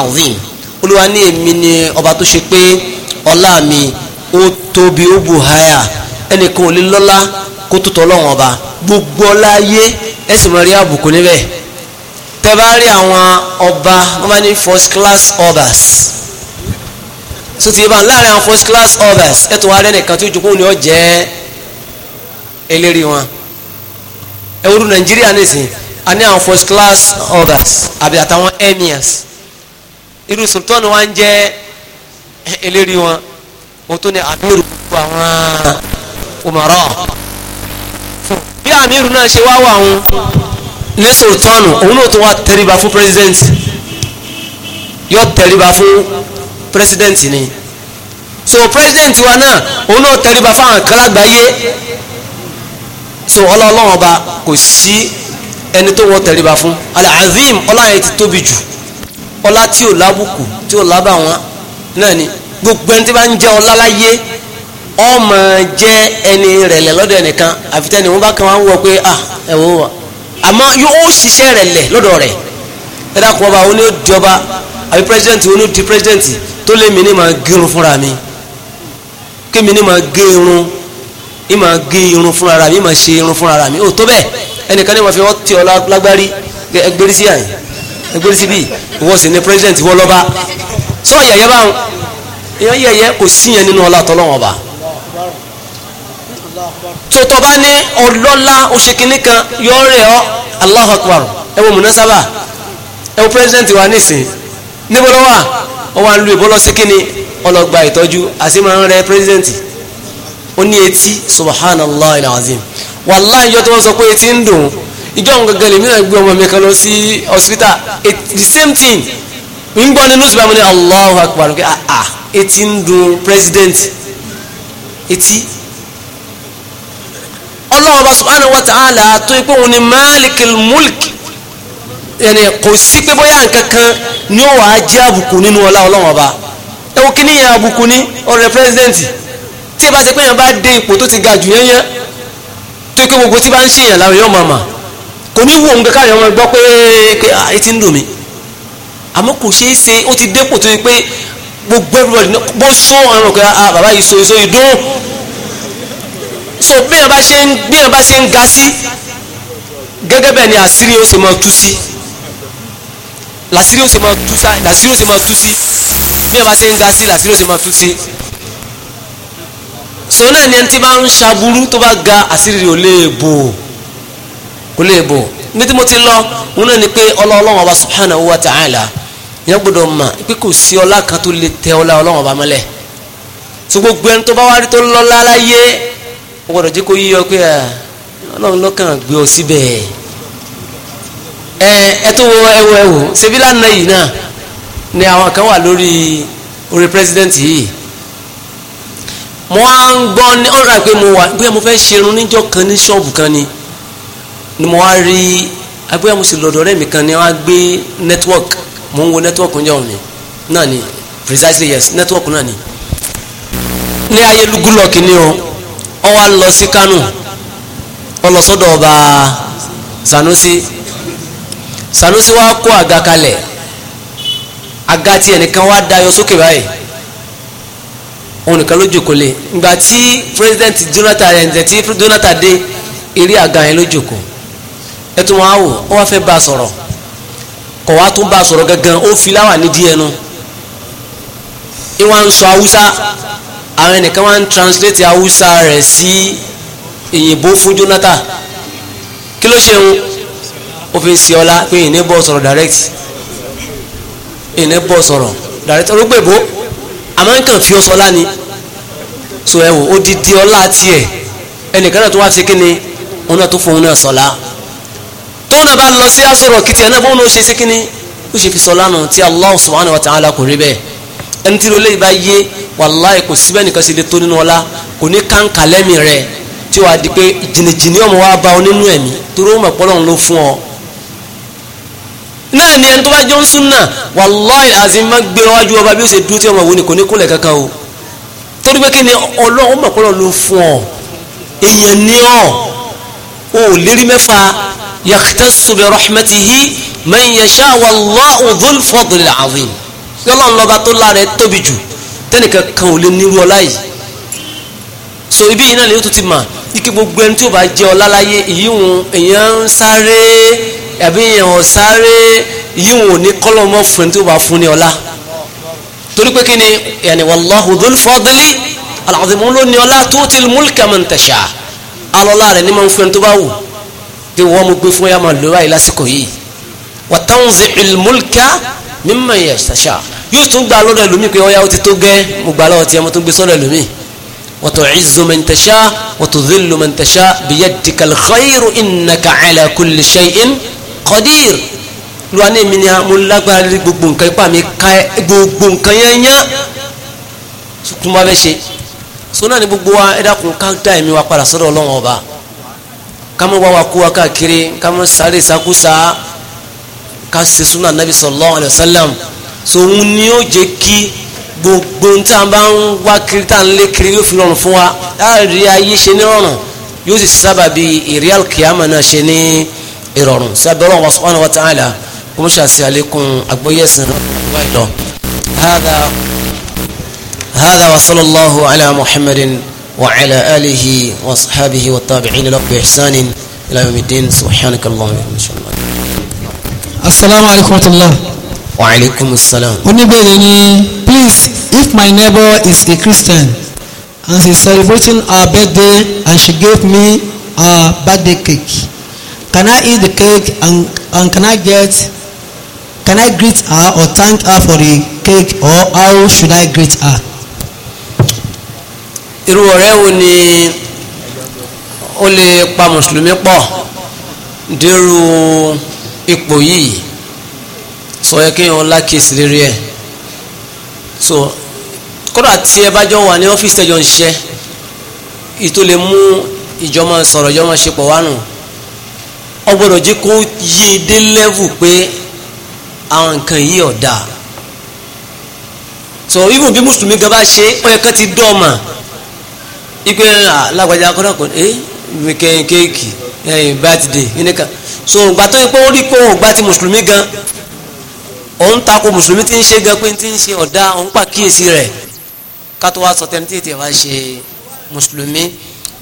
azim olúwa ní èmi ni ọba tó ṣe pé ọlá mi ó tóbi ó bù ẹnìkan ò lè lọ́lá kó tó tọ́ ọlọ́run ọba gbogbo ọlá ayé ẹ̀sìn mọ̀ rí àbùkù níbẹ̀ tẹ́bárí àwọn ọba wọ́n máa ní first class obas so ti yẹ láàrin àwọn first class obas ẹ̀tọ́ wa rẹ̀ nìkan tó jókòó ni ó jẹ́ eléré wọn ẹwúrú nàìjíríà nìsín a ní àwọn first class obas àbí àtàwọn emirs irú sultan wa ń jẹ́ eléré wọn wọ́n tó ní amiru gbogbo àwọn umara fún bí amiru náà ṣe wá wà wọn ní sultanu òun náà tó wá tẹríba fún president yóò tẹríba fún president ni so president wa náà òun náà tẹríba fún àwọn kan so ọlọ́ọ̀lọ́wọ́n ọba kò sí ẹni tó wọ́n tẹríba fún al-azim ọláyẹn ti tóbi jù ọlá tí ò lábùkù tí ò lábà wọn náà ni gbogbo ẹni tí bá ń jẹ ọlá láyé ọmọ jẹ ẹni rẹ̀lẹ̀ lọ́dọ̀ ẹnìkan àfitẹ́ni wọn bá kàn wá wọ pé ah ẹ wò wá àmọ́ yóò ṣiṣẹ́ rẹ̀ lẹ̀ lọ́dọ̀ rẹ̀ ẹ dákun ọba òun ni ó di ọba àbí pírẹsidẹ́ǹtì òun ni ó di pírẹsidẹ́ǹtì tó lé mi ní máa gérun fúnra mi kémi ní máa gé irun ní máa gé irun fúnra mi máa ṣe irun fúnra mi ò tó bẹ́ẹ̀ ẹnìkan ní wọ́n fi wọ́n tì ọ́ lágbárí ẹgbẹ́rí sí àyìn ẹgbẹ́rí sí bíi ìwọ sì ni pírẹsidẹ́ǹtì wọ́n lọ́ba sọ yẹ̀yẹ́ báwọn èèyàn kò síyẹn nínú ọlá tọ́lọ́wọ́n ọba so tó bá ní ọlọ́lá oṣù kìíní kan yóò rẹ̀ ọ́ Allahu Akbar ẹ wo munasaba wa nísìn níbo ló wà ó wà ń lu ìbọ́lọ́ sí kíni ọlọ́gba ìtọ́jú àti rẹ president ó ní etí subhanallah alazim wàláhì ìjọ tó wọ́n sọ pé etí ń dùn ìjọ òun gangan lèmi náà gbé ọmọ mi kan lọ sí hospital the same thing ń gbọ́ ní news bámu ní Allahu ah ah etí ń dùn ọlọ́run bá subhanahu wa ta'ala tó ipò òun ni malikil mulk ẹni kò sí pé bóyá nǹkan kan ni ó wàá jẹ́ àbùkù nínú ọlá ọlọ́run ọba ẹ wo kíní yẹn àbùkù ní ọ̀rẹ́ pírẹsidẹ́ǹtì tí ẹ bá ti pé yẹn bá dé ipò tó ti ga jù yẹn yẹn tó ipò gbogbo tí bá ń ṣèyàn láwọn yóò máa mà kò ní wù òun kankan yẹn wọn gbọ́ pé pé ẹ ah, ti ń dùn mí àmọ́ kò ṣeé ṣe ó ti dépò tó yẹ pé gbogbo everybody so bíyàn bá ṣe ń bíyàn bá ṣe ń ga sí gẹ́gẹ́ bẹ́ẹ̀ ni àṣírí ó sì máa tú sí làṣírí ó sì máa tú sí làṣírí ó sì máa tú sí bíyàn bá ṣe ń ga sí làṣírí ó sì máa tú sí so náà ni ẹni tí bá ń ṣaburú tó bá ga àṣírí rẹ̀ ò lè bò kò lè bò ní tí mo ti lọ òun náà ni pé ọlọ́ọ̀lọ́wọ́n ọba subhanahu wa ta'ala yẹn gbọ́dọ̀ mà pé kò sí ọlá kan tó lè tẹ ọlá ọlọ́wọ́n ọba mọ́lẹ̀ so gbogbo ẹni tó bá wá rí tó lọ́lá láyé ó gbọ́dọ̀ jẹ́ kó yí ọ pé à ọlọ́run lọ́kàn gbé ọ síbẹ̀ ẹ ẹ tó wo ẹwọ ẹwọ ṣebí lánàá yìí náà ni àwọn kan wà lórí orí president yìí mo wá ń gbọ́ ní ọ̀rọ̀ àpé mo wà bóyá mo fẹ́ ṣerun níjọ́ kan ní ṣọ́ọ̀bù kan ni ni mo wá rí abóyá mo sì lọ́dọ̀ ọ̀rẹ́ mi kan ni wọ́n gbé network mo ń wo network ń jọ òní náà ni precisely yes network náà ni ní ayélujára kìíní o ó wá lọ sí Kánò ó lọ sọ́dọ̀ ọba Sanusi Sanusi wá kó àga kalẹ̀ àga tí ẹnìkan wá dayọ sókè báyìí òun nìkan ló jòkó lé ìgbà tí president Jonathan ẹ̀ tí Jonathan dé eré àga yẹn ló jòkó ẹ tún wọn á wò ó wá fẹ́ bá a sọ̀rọ̀ kọ̀ wá tún bá a sọ̀rọ̀ gangan ó fi nídìí ẹnu ìwọ̀n sọ Haúsá àwọn ẹnìkan wá ń translate haúsá rẹ̀ sí ìyìnbó fún Jonathan kí ló ṣe ń ó fi ṣe ọlá pé ìní bọ́ sọ̀rọ̀ direct ìní bọ́ sọ̀rọ̀ direct olùgbèbó àmọ́ nǹkan fi ọ́ sọlá ni so ẹ wò ó di di ọlá tiẹ̀ ẹnìkan náà tó wá ṣe kí ni òun náà tó fòun náà sọlá tóun náà bá lọ sí aṣọ ìrọ̀kìtì náà bóun náà ó ṣe ṣe kí ni ó ṣe fi sọlá nù tí Allah subhanahu wa ta'ala kò rí bẹ́ẹ̀ ẹni tí lóore yìí bá yé wàláì kò síbẹ̀ nìkan ṣe lè tó nínú ọlá kò ní kàǹkà lẹ́mìí rẹ tí wàá di pé jìnnìjìnnì ọmọ wa bá ọ nínú ẹ̀mí torí wọn pọ̀ lọ́run ló fún ọ. náà ni ẹni tó bá jọ ń sún náà wàláì àti má gbé wájú ọba bí ó ṣe dúró tí ọmọ wo ni kò ní kúnlẹ̀ kankan o torí pé kí ni ọlọ́run ọmọ pọ̀ ló fún ọ èèyàn ní ọ o ò lérí mẹ́fà yakhtassu bi rahmatihi man yasha wallahu dhul pé ọlọ́run lọ́ba tó lára ẹ tóbi jù tẹ́nìkan kan ò lè nírú ọlá yìí so ibi yìí náà lè tó ti mà ike gbogbo ẹni tí ó bá jẹ ọlá láyé ìyíhun èèyàn ń sáré àbí èèyàn ò sáré ìyíhun ò ní kọ́lọ́mọ́ fún ẹni tí ó bá fún ní ọlá torí pé kí ni yàní wàláhù dhul fadli al-azim ló ní ọlá tu'til mulka man tasha alọ́lá rẹ̀ ní máa ń fún ẹni tó bá wù kí wọ́n mú gbé fún yàrá màlúwà yìí lásìkò yìí wa tanzi'ul mulka mímọ̀ yẹn ṣàṣà yóò tún gba lọ́dọ̀ ẹlòmí pé ọ̀yá ó ti tó gẹ́ mo gbà lọ́wọ́ tiẹ̀ mo tún gbé sọ́dọ̀ ẹlòmí wa tu'izzu man tasha wa tudhillu man tasha biyadika al-khayru innaka ala kulli shay'in qadir lu ani mi ni mo lágbára lórí gbogbo nǹkan ipá mi ká gbogbo nǹkan yẹn yán tún bá fẹ́ ṣe so náà ni gbogbo wa ẹ dákun ká dá ẹ̀mí wa padà sọ́dọ̀ ọlọ́wọ́n ọba ká mọ̀ wá wa kú wa káàkiri ká mọ̀ sáré sakúsa ká ṣe súnà nàbí sallallahu alayhi wa sallam sòun ni ó jẹ́ kí gbogbo tí a bá ń wá kiri tá à ń lé kiri yóò fi rọrùn fún wa láàrin ayé ṣe ní rọrùn yóò sì sábà bí ìrí náà ṣe ní ìrọ̀rùn sábẹ́ wa subhanahu wa ta'ala kó mú ṣàṣì àlékún àgbóyẹ̀sìn rẹ̀ lọ. هذا وصلى الله على محمد وعلى آله وأصحابه والتابعين له بإحسان إلى يوم الدين سبحانك اللهم وبحمدك asalaamualeykum warahmatulah. wa aleykum salaam. oníbẹ̀rẹ̀ ni please if my neighbor is a Christian and she is celebrating her birthday and she gave me her birthday cake can I eat the cake and and can I get can I greet her or thank her for the cake or how should I greet her. irú ọ̀rẹ́ wo ni ó lè pa mùsùlùmí pọ̀ dérú ipò yìí sọ yẹ kí wọn lákèsí lérí ẹ so kódà tí ẹ bá jọ wà ní ọ́fíìsì ẹjọ ń ṣiṣẹ́ ìtò lè mú ìjọmọ sọ̀rọ̀ ìjọmọ ṣe pọ̀ wánu ọ gbọ́dọ̀ kó yí dé lẹ́vù pé àwọn nǹkan yìí ọ̀dà so even bí mùsùlùmí gan bá ṣe ó yẹ kán ti dọ́ ọmọ ipe ah, lágbàjá kọ́dà kò ẹ́ eh, mi kẹ́yìn kéèkì ẹyìn birthday nìkan so ìgbà tó yẹ pé ó rí pé òun ò gbá ti mùsùlùmí gan òun tako mùsùlùmí ti ń ṣe gan pé ti ń ṣe ọ̀dà òun pàkíyèsí rẹ̀ ká tó wá sọ tẹ́ni tí ètè wá ṣe mùsùlùmí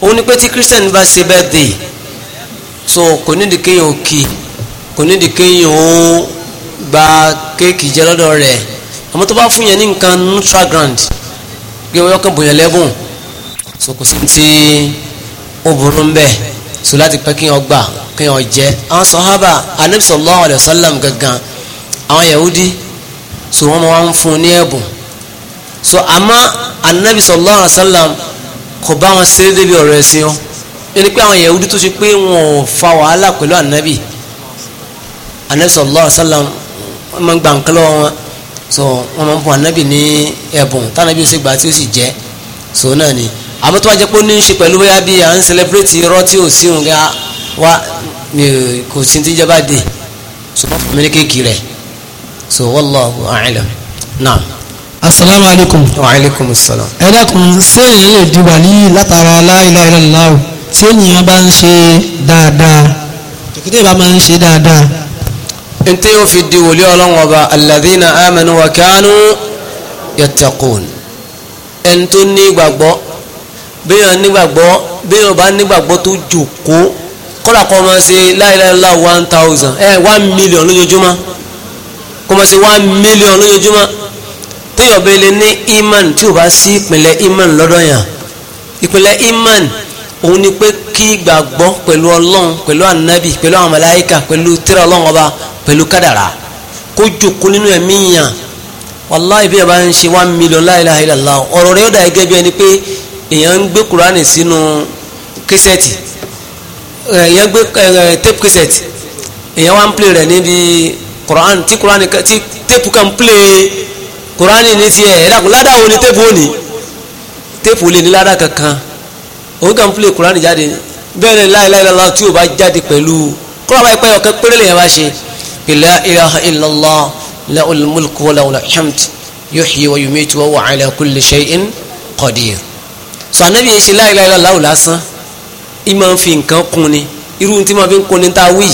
òun ni pé tí christian bá ṣe birthday so kò nídìí kéèyàn ò kì kò nídìí kéèyàn ó gba kéèkì jẹ lọ́dọ̀ rẹ̀ àmọ́ tó bá fún yẹn ní nǹkan neutral ground gbé wọ́n yọkàn bòyàn lẹ́bùn so kò sí ti ó burú ń bẹ́ẹ̀ so láti pẹ́ kí wọ́n gbà kí wọ́n jẹ́ àwọn sọ̀hábà anabi sallallahu gangan àwọn yahudi so wọ́n máa ń fún ní ẹ̀bùn so àmọ́ anabi sallallahu alayhi wa sallam kò bá wọn ṣeré débi ọ̀rọ̀ ẹ̀sìn wọn ẹni pé àwọn yahudi tó ṣe pé wọn ò fa wàhálà pẹ̀lú anabi anabi sallallahu alayhi máa ń gbà nǹkan lọ́wọ́ wọn so wọ́n máa ń fún anabi ní ẹ̀bùn tànàbí ó sì gbà tí ó sì jẹ́ so náà ni àmọ́ tó wá jẹ́ pé ó ní í ṣe pẹ̀lú bóyá bí à ń celebrate irọ́ tí ò sí òun gá wá kò sí ti jẹba dé ṣùgbọ́n fún mi ní kéèkì rẹ̀ so wallahu a'lam naam. asalaamualeykum. wa aleykum salaam. ẹ dákun sẹ́yìn lè di wàlíì látara la ilaha illallah tí ènìyàn bá ń ṣe dáadáa tòkítẹ́ bá máa ń ṣe dáadáa. ntẹ́ yóò fi di wòlíì ọlọ́wọ́n ọba alladhina amanu wa kanu yattaqun ẹni tó ní ìgbàgbọ́ béèyàn nígbàgbọ́ béèyàn bá nígbàgbọ́ tó jòkóó kọ́lá kọ́ máa ṣe láìláìlá one thousand ẹ eh, one million lójoojúmọ́ kọ́ máa ṣe one million lójoojúmọ́ téèyàn bẹ́ẹ̀ lè ní iman tí o bá sí ìpìlẹ̀ iman lọ́dọ̀ yàn ìpìlẹ̀ iman òun ni pé kí gbàgbọ́ pẹ̀lú ọlọ́run pẹ̀lú anabi pẹ̀lú àwọn màláíkà pẹ̀lú tírà ọlọ́run ọba pẹ̀lú kádàrà kó jókòó nínú ẹ̀mí yàn wàláhì bí ẹ bá ń ṣe one million láìláìlá ọ̀rọ̀ rẹ̀ yóò dà gẹ́gẹ́ bí ẹni pé èèyàn ń gbé kuraani sínú kẹsẹ̀tì èèyàn gbé tape kẹsẹ̀tì èèyàn wá ń play rẹ̀ níbi kuraani tí kuraani tí tape kan play kuraani ní tiẹ̀ ẹ̀dàkùn ládàá wo ni tape wo ni tape wo lè ní ládàá kankan òun kàn ń play kuraani jáde bẹ́ẹ̀ ni láìláì lọ́la tí o bá jáde pẹ̀lú kúrò àwọn ìpẹ́yọ̀ kan péré lèèyàn bá ṣe la ilaha illallah lahul mulku wa lahul hamd yuhyi wa yumitu wa huwa ala kulli shay'in qadir so anabi yìí ṣe la ilaha illallah lásán ìmọ̀ fi nǹkan kun ni irú tí ma fi ń kun ni tá a wí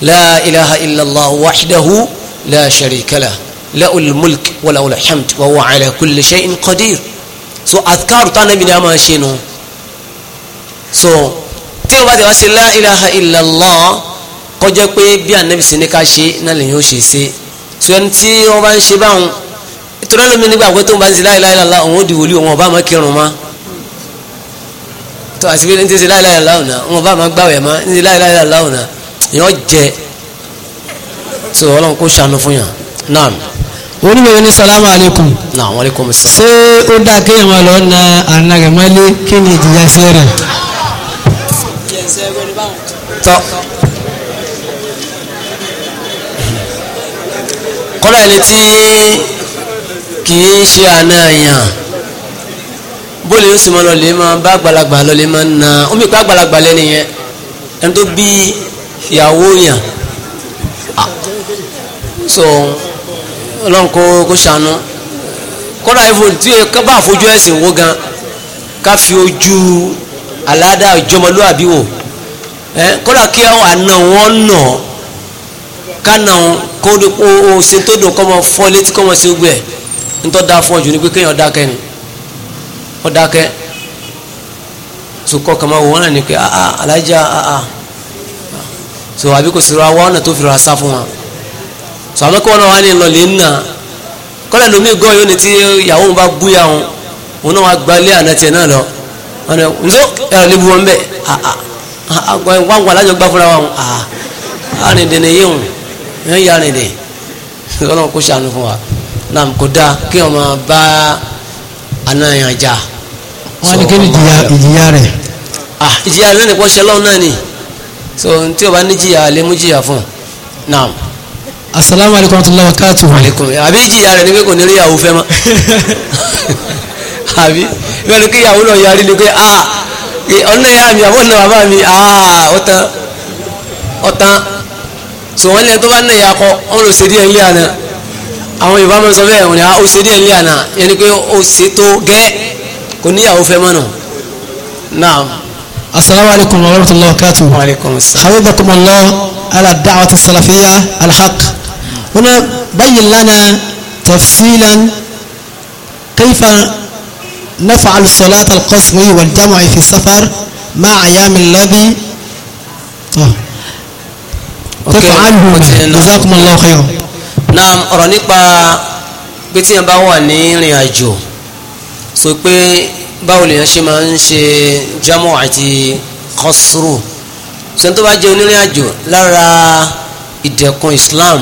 la ilaha illallah wahdahu la sharika lah lahul mulk wa lahul hamd wa huwa ala kulli shay'in qadir so adhkar tá anabi ni a máa ṣe nu so tí wọ́n bá ti wá ṣe la illallah kọjá pé bí anabi ṣe ṣe náà lè yóò ṣe ṣe so ẹni tí wọ́n bá ń ṣe báwọn ìtura lómi nígbà pé tó ń bá ń ṣe láìláìláìlá òun ó di wòlíì òun ọba máa kírun ma tó àti pé ní ti ṣe láìláìláìlá òun òun ọba máa gbàwẹ̀ ma ní ti láìláìláìlá òun yọ jẹ tó ọlọ́run kó ṣàánú fún yàn náà. onímọ̀ ní salamu aleykum. náà wọ́n aleykum sí. ṣé ó dáa kéèyàn máa lọ na anagẹ̀mọ́lé kí ni ìjìyà ẹsẹ̀ tọ́ kọ́lá ẹni tí kì í ṣe àna èèyàn bóòlù yóò sì mọ lọlẹ máa bá àgbàlagbà lọlẹ máa na ó mi àgbàlagbà lẹni yẹn ẹni tó bí ìyàwó yàn so ọlọ́run kó kó ṣàánú kọ́nà ìfò tí ká bá fojú ẹ̀sìn wó gan ká fi ojú aláàdá ìjọmọlúwàbí wò ẹ kọ́nà kí àwọn àna wọn nà ká nà wọn kó o ṣe tó dùn kọ́ mọ fọ́ létí kọ́ mọ gbẹ ntọ́ da fún ọjọ́ ni pé kéèyàn dákẹ́ ni ó dákẹ́ so kọ́ kàmá wọ́n náà ni pé aa ah, ah, alájà aa ah, so àbí kò sèrò àwọn ọ̀nà tó fi ra sá fún wa so àmọ́ kí wọ́n náà wá ní ìlọlẹ̀ nà kọ́lẹ̀ lómi gọ́ yóò ní tí ìyàwó bá búyà wọn òun náà wá gbalẹ̀ àná tiẹ̀ náà lọ wọn ni nso ẹ̀rọ lè bu wọn bẹ́ẹ̀ aa wọn wà lájọ gbá fúnra wọn aa arìndìn ni yíwọn yẹn yà arìndìn ọlọ́run kò ṣàánú fún wa náà kò dáa kí wọn máa bá anáyàn jà. wọn ní kí ni ìjìyà ìjìyà rẹ. ah ìjìyà rẹ lẹ́nu ìpọ́nṣẹ́ lọ́wọ́ náà ni so tí o bá ní jìyà lè mú jìyà fún un naam. asalaamu alaykum wa rahmatulahi wa barakatuhu. àbí jìyà rẹ ni pé kò ní rí ìyàwó fẹ́ mọ́ àbí bẹ́ẹ̀ ni kí ìyàwó náà yarí ni pé ah ọ̀nà ìyá mi àbọ̀ ọ̀nà bàbá mi ah ọ̀tán ọ̀tán so wọ́n lẹ́yìn tó bá ń nà ìyá kọ́ ọ̀n lọ sí díẹ̀ ńlẹ́ àná. awon iba ma so be won ya o se die nle ana yani ko o se to السلام عليكم ورحمه الله وبركاته وعليكم السلام حفظكم الله على الدعوه السلفيه الحق هنا بين لنا تفصيلا كيف نفعل صلاة القسم والجمع في السفر مع أيام الذي تقعنه جزاكم الله خيرا náà ọ̀rọ̀ nípa pé tí yẹn bá wà ní ìrìn àjò sọ pé báwo lèèyàn ṣe máa ń ṣe jámọ́ àti kọ́sùrù sọ́ni tó bá jẹ́ onírìn àjò lára ìdẹ̀kùn Islam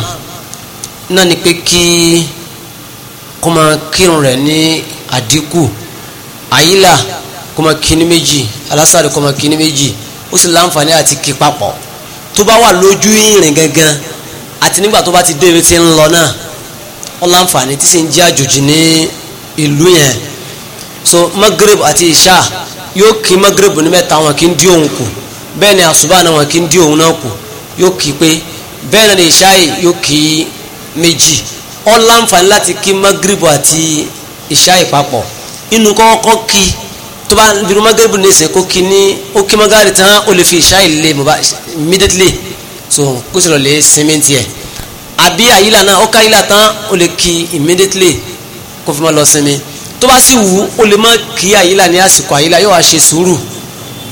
náà ni pé kí kó máa kírun rẹ̀ ní àdínkù àyílà kó máa kí ní méjì alásàrè kó máa kí ní méjì ó sì láǹfààní àti kí papọ̀ tó bá wà lójú ìrìn gangan àti nígbà tó bá ti dé ibi tí ń lọ náà ó láǹfààní tí sì ń jẹ́ àjòjì ní ìlú yẹn so magreb àti isha yóò kí magreb ní mẹ́ta wọn kì í dí òun kù bẹ́ẹ̀ ni àṣùbà náà wọn kì í dí òun náà kù yóò kí pé bẹ́ẹ̀ náà ni isha yóò kí méjì ó láǹfààní láti kí magreb àti isha papọ̀ inú kọ́kọ́ kí tó bá bínú magreb ní ìsìn kó kí ní ó kí magreb tán ó lè fi isha lè mọ̀ immediately so kó sì lọ lè simenti ẹ̀ na àyílà náà ó ká àyílà tán immediately kó fi máa lọ sinmi tó bá sì wù ó lè má kí àyílà ní àsìkò àyílà yóò wá ṣe sùúrù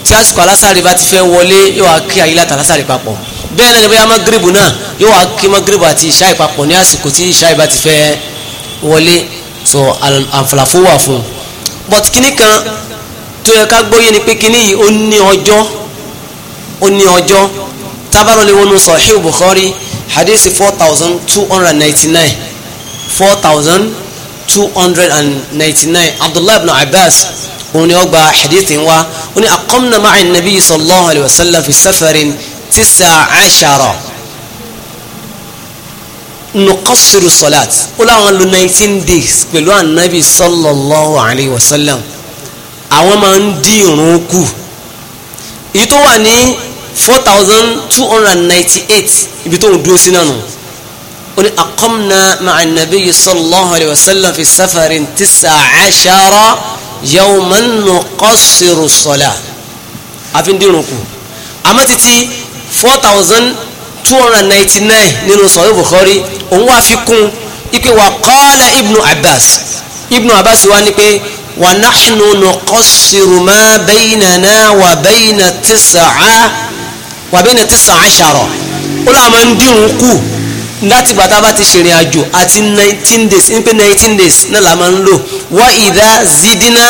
tí àsìkò alásàrè bá ti fẹ́ wọlé yóò wá kí àyílà tà alásàrè papọ̀ bẹ́ẹ̀ náà ni bóyá magrebu náà yóò wá kí magrebu àti ìṣáì papọ̀ ní àsìkò tí ìṣáì ti fẹ́ wọlé so àǹfààfó wà fún but kíní kan tó yẹ ká gbóyè ni pé kíní yìí ó ní ọjọ́ ó ní ọjọ́ tábàlọ́ lè wọnú Sahih Bukhari hadith four thousand two hundred ninety nine four thousand two hundred and ninety nine Abdullahi ibn Abbas òun ni ó gba hadith wa ó ní aqamna ma'a nabi sallallahu alayhi wa sallam fi safarin tisa ashara nukasiru salat ó láwọn lò nineteen days pẹ̀lú anabi sallallahu alayhi wa sallam àwọn máa ń dín irun kù èyí tó four thousand two hundred and ninety eight ibi tó ń dúró sí náà nù ó ní aqamna ma'a nabiyyi sallallahu alayhi wa sallam fi safarin tisa ashara yawman nuqassiru salah àfi ń dírun àmọ́ títí four thousand two hundred and ninety nine nínú sọ̀rọ̀ bukhari òun wá fi kún ipe wa qala ibnu abbas ibnu abbas wá ní pé wa nahnu nuqassiru ma baynana wa bayna tis'a wàbẹ́ni tísà àṣàrọ̀ ó láwọn máa ń dírun kù láti gbàtà bá ti ṣèrìn àjò àti nineteen days ń pé nineteen days náà la máa ń lò wá ìdá zidina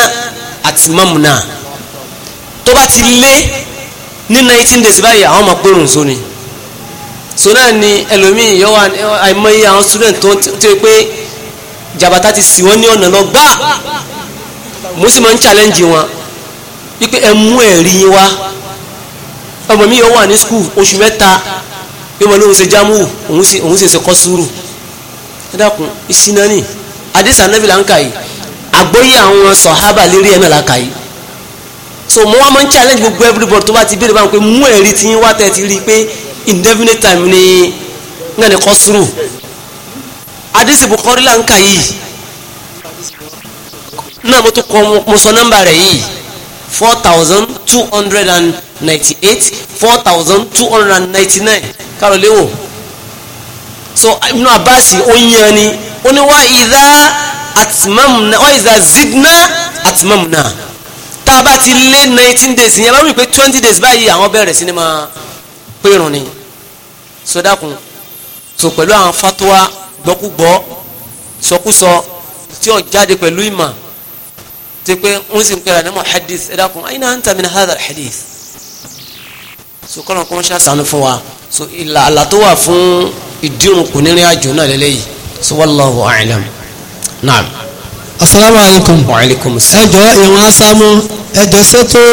àti mamuna tó bá ti lé ní nineteen days báyìí àwọn máa pérun so ni so náà ni ẹlòmíì yọ wá àìmọye àwọn student tó tó yẹ pé jàbàtà ti sì wọ́n ní ọ̀nà lọ gbá mo sì máa ń challenge wọn wípé ẹ mú ẹ̀rí wá ọmọ mi yóò wà ní skul oṣù mẹ́ta yóò wọlé òun ṣe jámù òun sì ṣe kọ́ sùúrù ẹ dákun ìṣìnà ni àdìsá nàbì là ń kà yìí àgbóyè àwọn sọ̀hábà lérí ẹ̀ náà kà yìí so mo wá máa ń challenge gbogbo everybody tó bá ti béèrè báwọn pé mú ẹ̀rí tí wá tẹ̀ ti rí i pé indefinite time ni náà ni kọ́ sùúrù àdìsí Bukhari là ń kà yìí náà mo tún kọ́ mo sọ nọ́mbà rẹ̀ yìí four thousand two hundred and ninety eight four thousand two hundred and ninety nine kárọ̀ léwò so Ibn Abbas Onyani. ni ó ní wá ìdá atmamna wá ìdá zidna atmamna tá a bá ti lé nineteen days yẹn bá rí pé twenty days báyìí àwọn bẹ̀rẹ̀ sí ni máa pérun ni sọdákun so pẹ̀lú àwọn fatuwa gbọ́kúgbọ́ sọkúsọ tí ó jáde pẹ̀lú ìmọ̀ tí pé wọ́n sì ń pera ní muhaddith ẹ dákun ayna anta min hadha al-hadith so kọ́nà kó ń ṣàṣàánú fún wa so ìlà àlà tó wà fún ìdírun kò ní rìn àjò náà lélẹ́yìí so wallahu a'lam naam. asalaamualeykum. wa aleykum salaam. ẹjọ ìwọn asámú ẹjọ ṣètò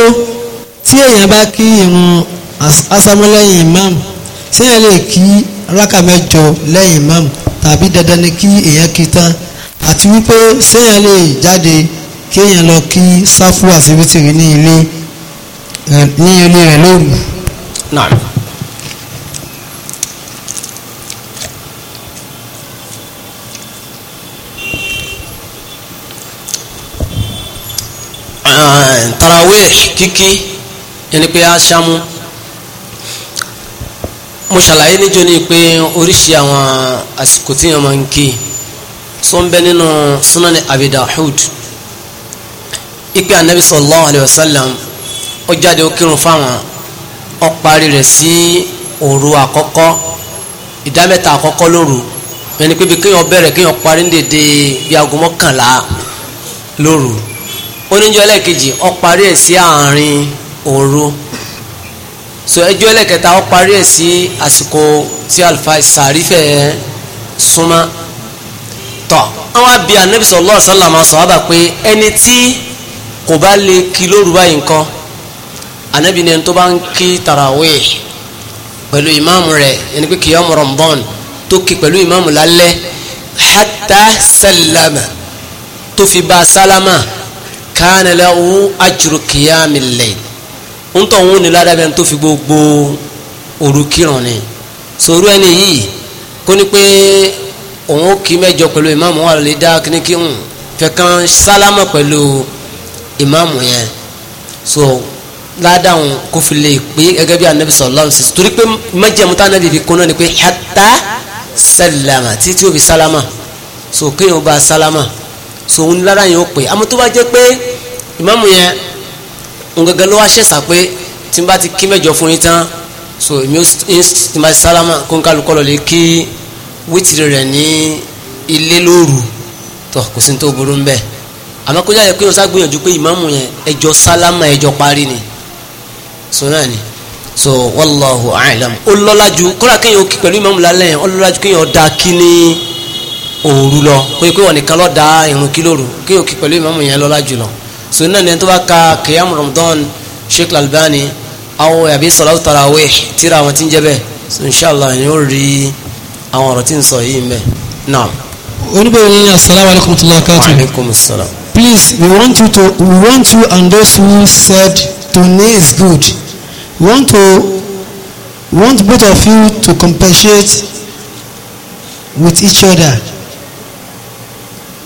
tí èèyàn bá kí ìwọn asámú lẹ́yìn imam tí èèyàn lè kí rákà mẹ́jọ lẹ́yìn imam tàbí dandan ni kí èèyàn kí tán àti wípé séèyàn lè kéèyàn lọ kí sáfù àsibítìrì ní ilé ní ilé rẹ̀ lóru. tarawih kíkí ẹni pé a ṣámú mo ṣàlàyé níjọ́ ni pé oríṣi àwọn àsìkò tí yẹn máa ń kí sọ ń bẹ nínú sunan Abi ipe anabi sallallahu alayhi wa sallam ó jáde ó kírun fáwọn ó parí rẹ̀ sí òru àkọ́kọ́ ìdá mẹ́ta àkọ́kọ́ lóru yẹn ni pé bí kéèyàn bẹ̀rẹ̀ kéèyàn parí ní dédé bí aago mọ́kànlá lóru oníjọ́ ẹlẹ́ẹ̀kejì ó parí ẹ̀ sí àárín òru so ẹjọ́ ẹlẹ́kẹta ó parí ẹ̀ sí àsìkò tí alfa sàrífẹ́ súnmọ́ tọ́ àwọn àbí anabi sallallahu alayhi wa sallam sọ wá pé ẹni tí kò bá lè kí lóru báyìí nǹkan anabi ni ẹni tó bá ń kí tarawih pẹ̀lú ìmáàmù rẹ̀ ẹni pé kìyàmù Ramadan tó kí pẹ̀lú ìmáàmù lálẹ́ hatta sallama tó fi bá sálámà kana lahu ajru qiyamil layl ń tọ̀ ń ní ládàbẹ̀ ẹni tó fi gbogbo òru kírun ni sòrú ẹni yìí kó ní pé òun ó kí mẹ́jọ pẹ̀lú ìmáàmù wà lè dá kíníkí hùn fẹ́ sálámà pẹ̀lú ìmáàmù yẹn so ládàáhùn kò fi lè pé gẹ́gẹ́ bí anabi sallallahu alaihi wasallam torí pé májẹ̀mú tá anabi fi kóná ni pé hatta sallama títí ó fi sálámà so kéèyàn bá sálámà so òun lára yẹn ó pè àmọ́ tó bá jẹ́ pé ìmáàmù yẹn ngẹgẹ ló wá ṣẹ̀ṣà pé tí n bá ti kí mẹ́jọ fún yín tán so èmi ó ti máa sálámà kó n kálukọ́ lọ lè kí wítìrì rẹ̀ ní ilé lóru tó kò sí ní tó burú ń àmọ́ kó jáde pé o ṣàgbìyànjú pé ìmáàmù yẹn ẹjọ́ sálámà ẹjọ́ parí ni so náà ni so wallahu a'lam olọ́lájú kọ́ra kéèyàn kí pẹ̀lú ìmáàmù lálẹ́ yẹn olọ́lájú kéèyàn da kí ní òru lọ pé pé wọ́n nìkan da irun kí lóru kéèyàn kí pẹ̀lú ìmáàmù yẹn lọ́lájú lọ so náà ni ẹni tó bá ka kiyam ramadan sheikh albani awo àbí salatu tarawih tíra àwọn tí ń jẹ́ bẹ́ẹ̀ so inshallah ni rí àwọn ọ̀rọ̀ tí ń sọ yìí ń bẹ náà. oníbẹ̀rẹ̀ asalaamualeykum tó lọ́ọ́ wa aleykum salaam. Please, we want you to we want you and those who said today is good. We want to want both of you to compensate with each other.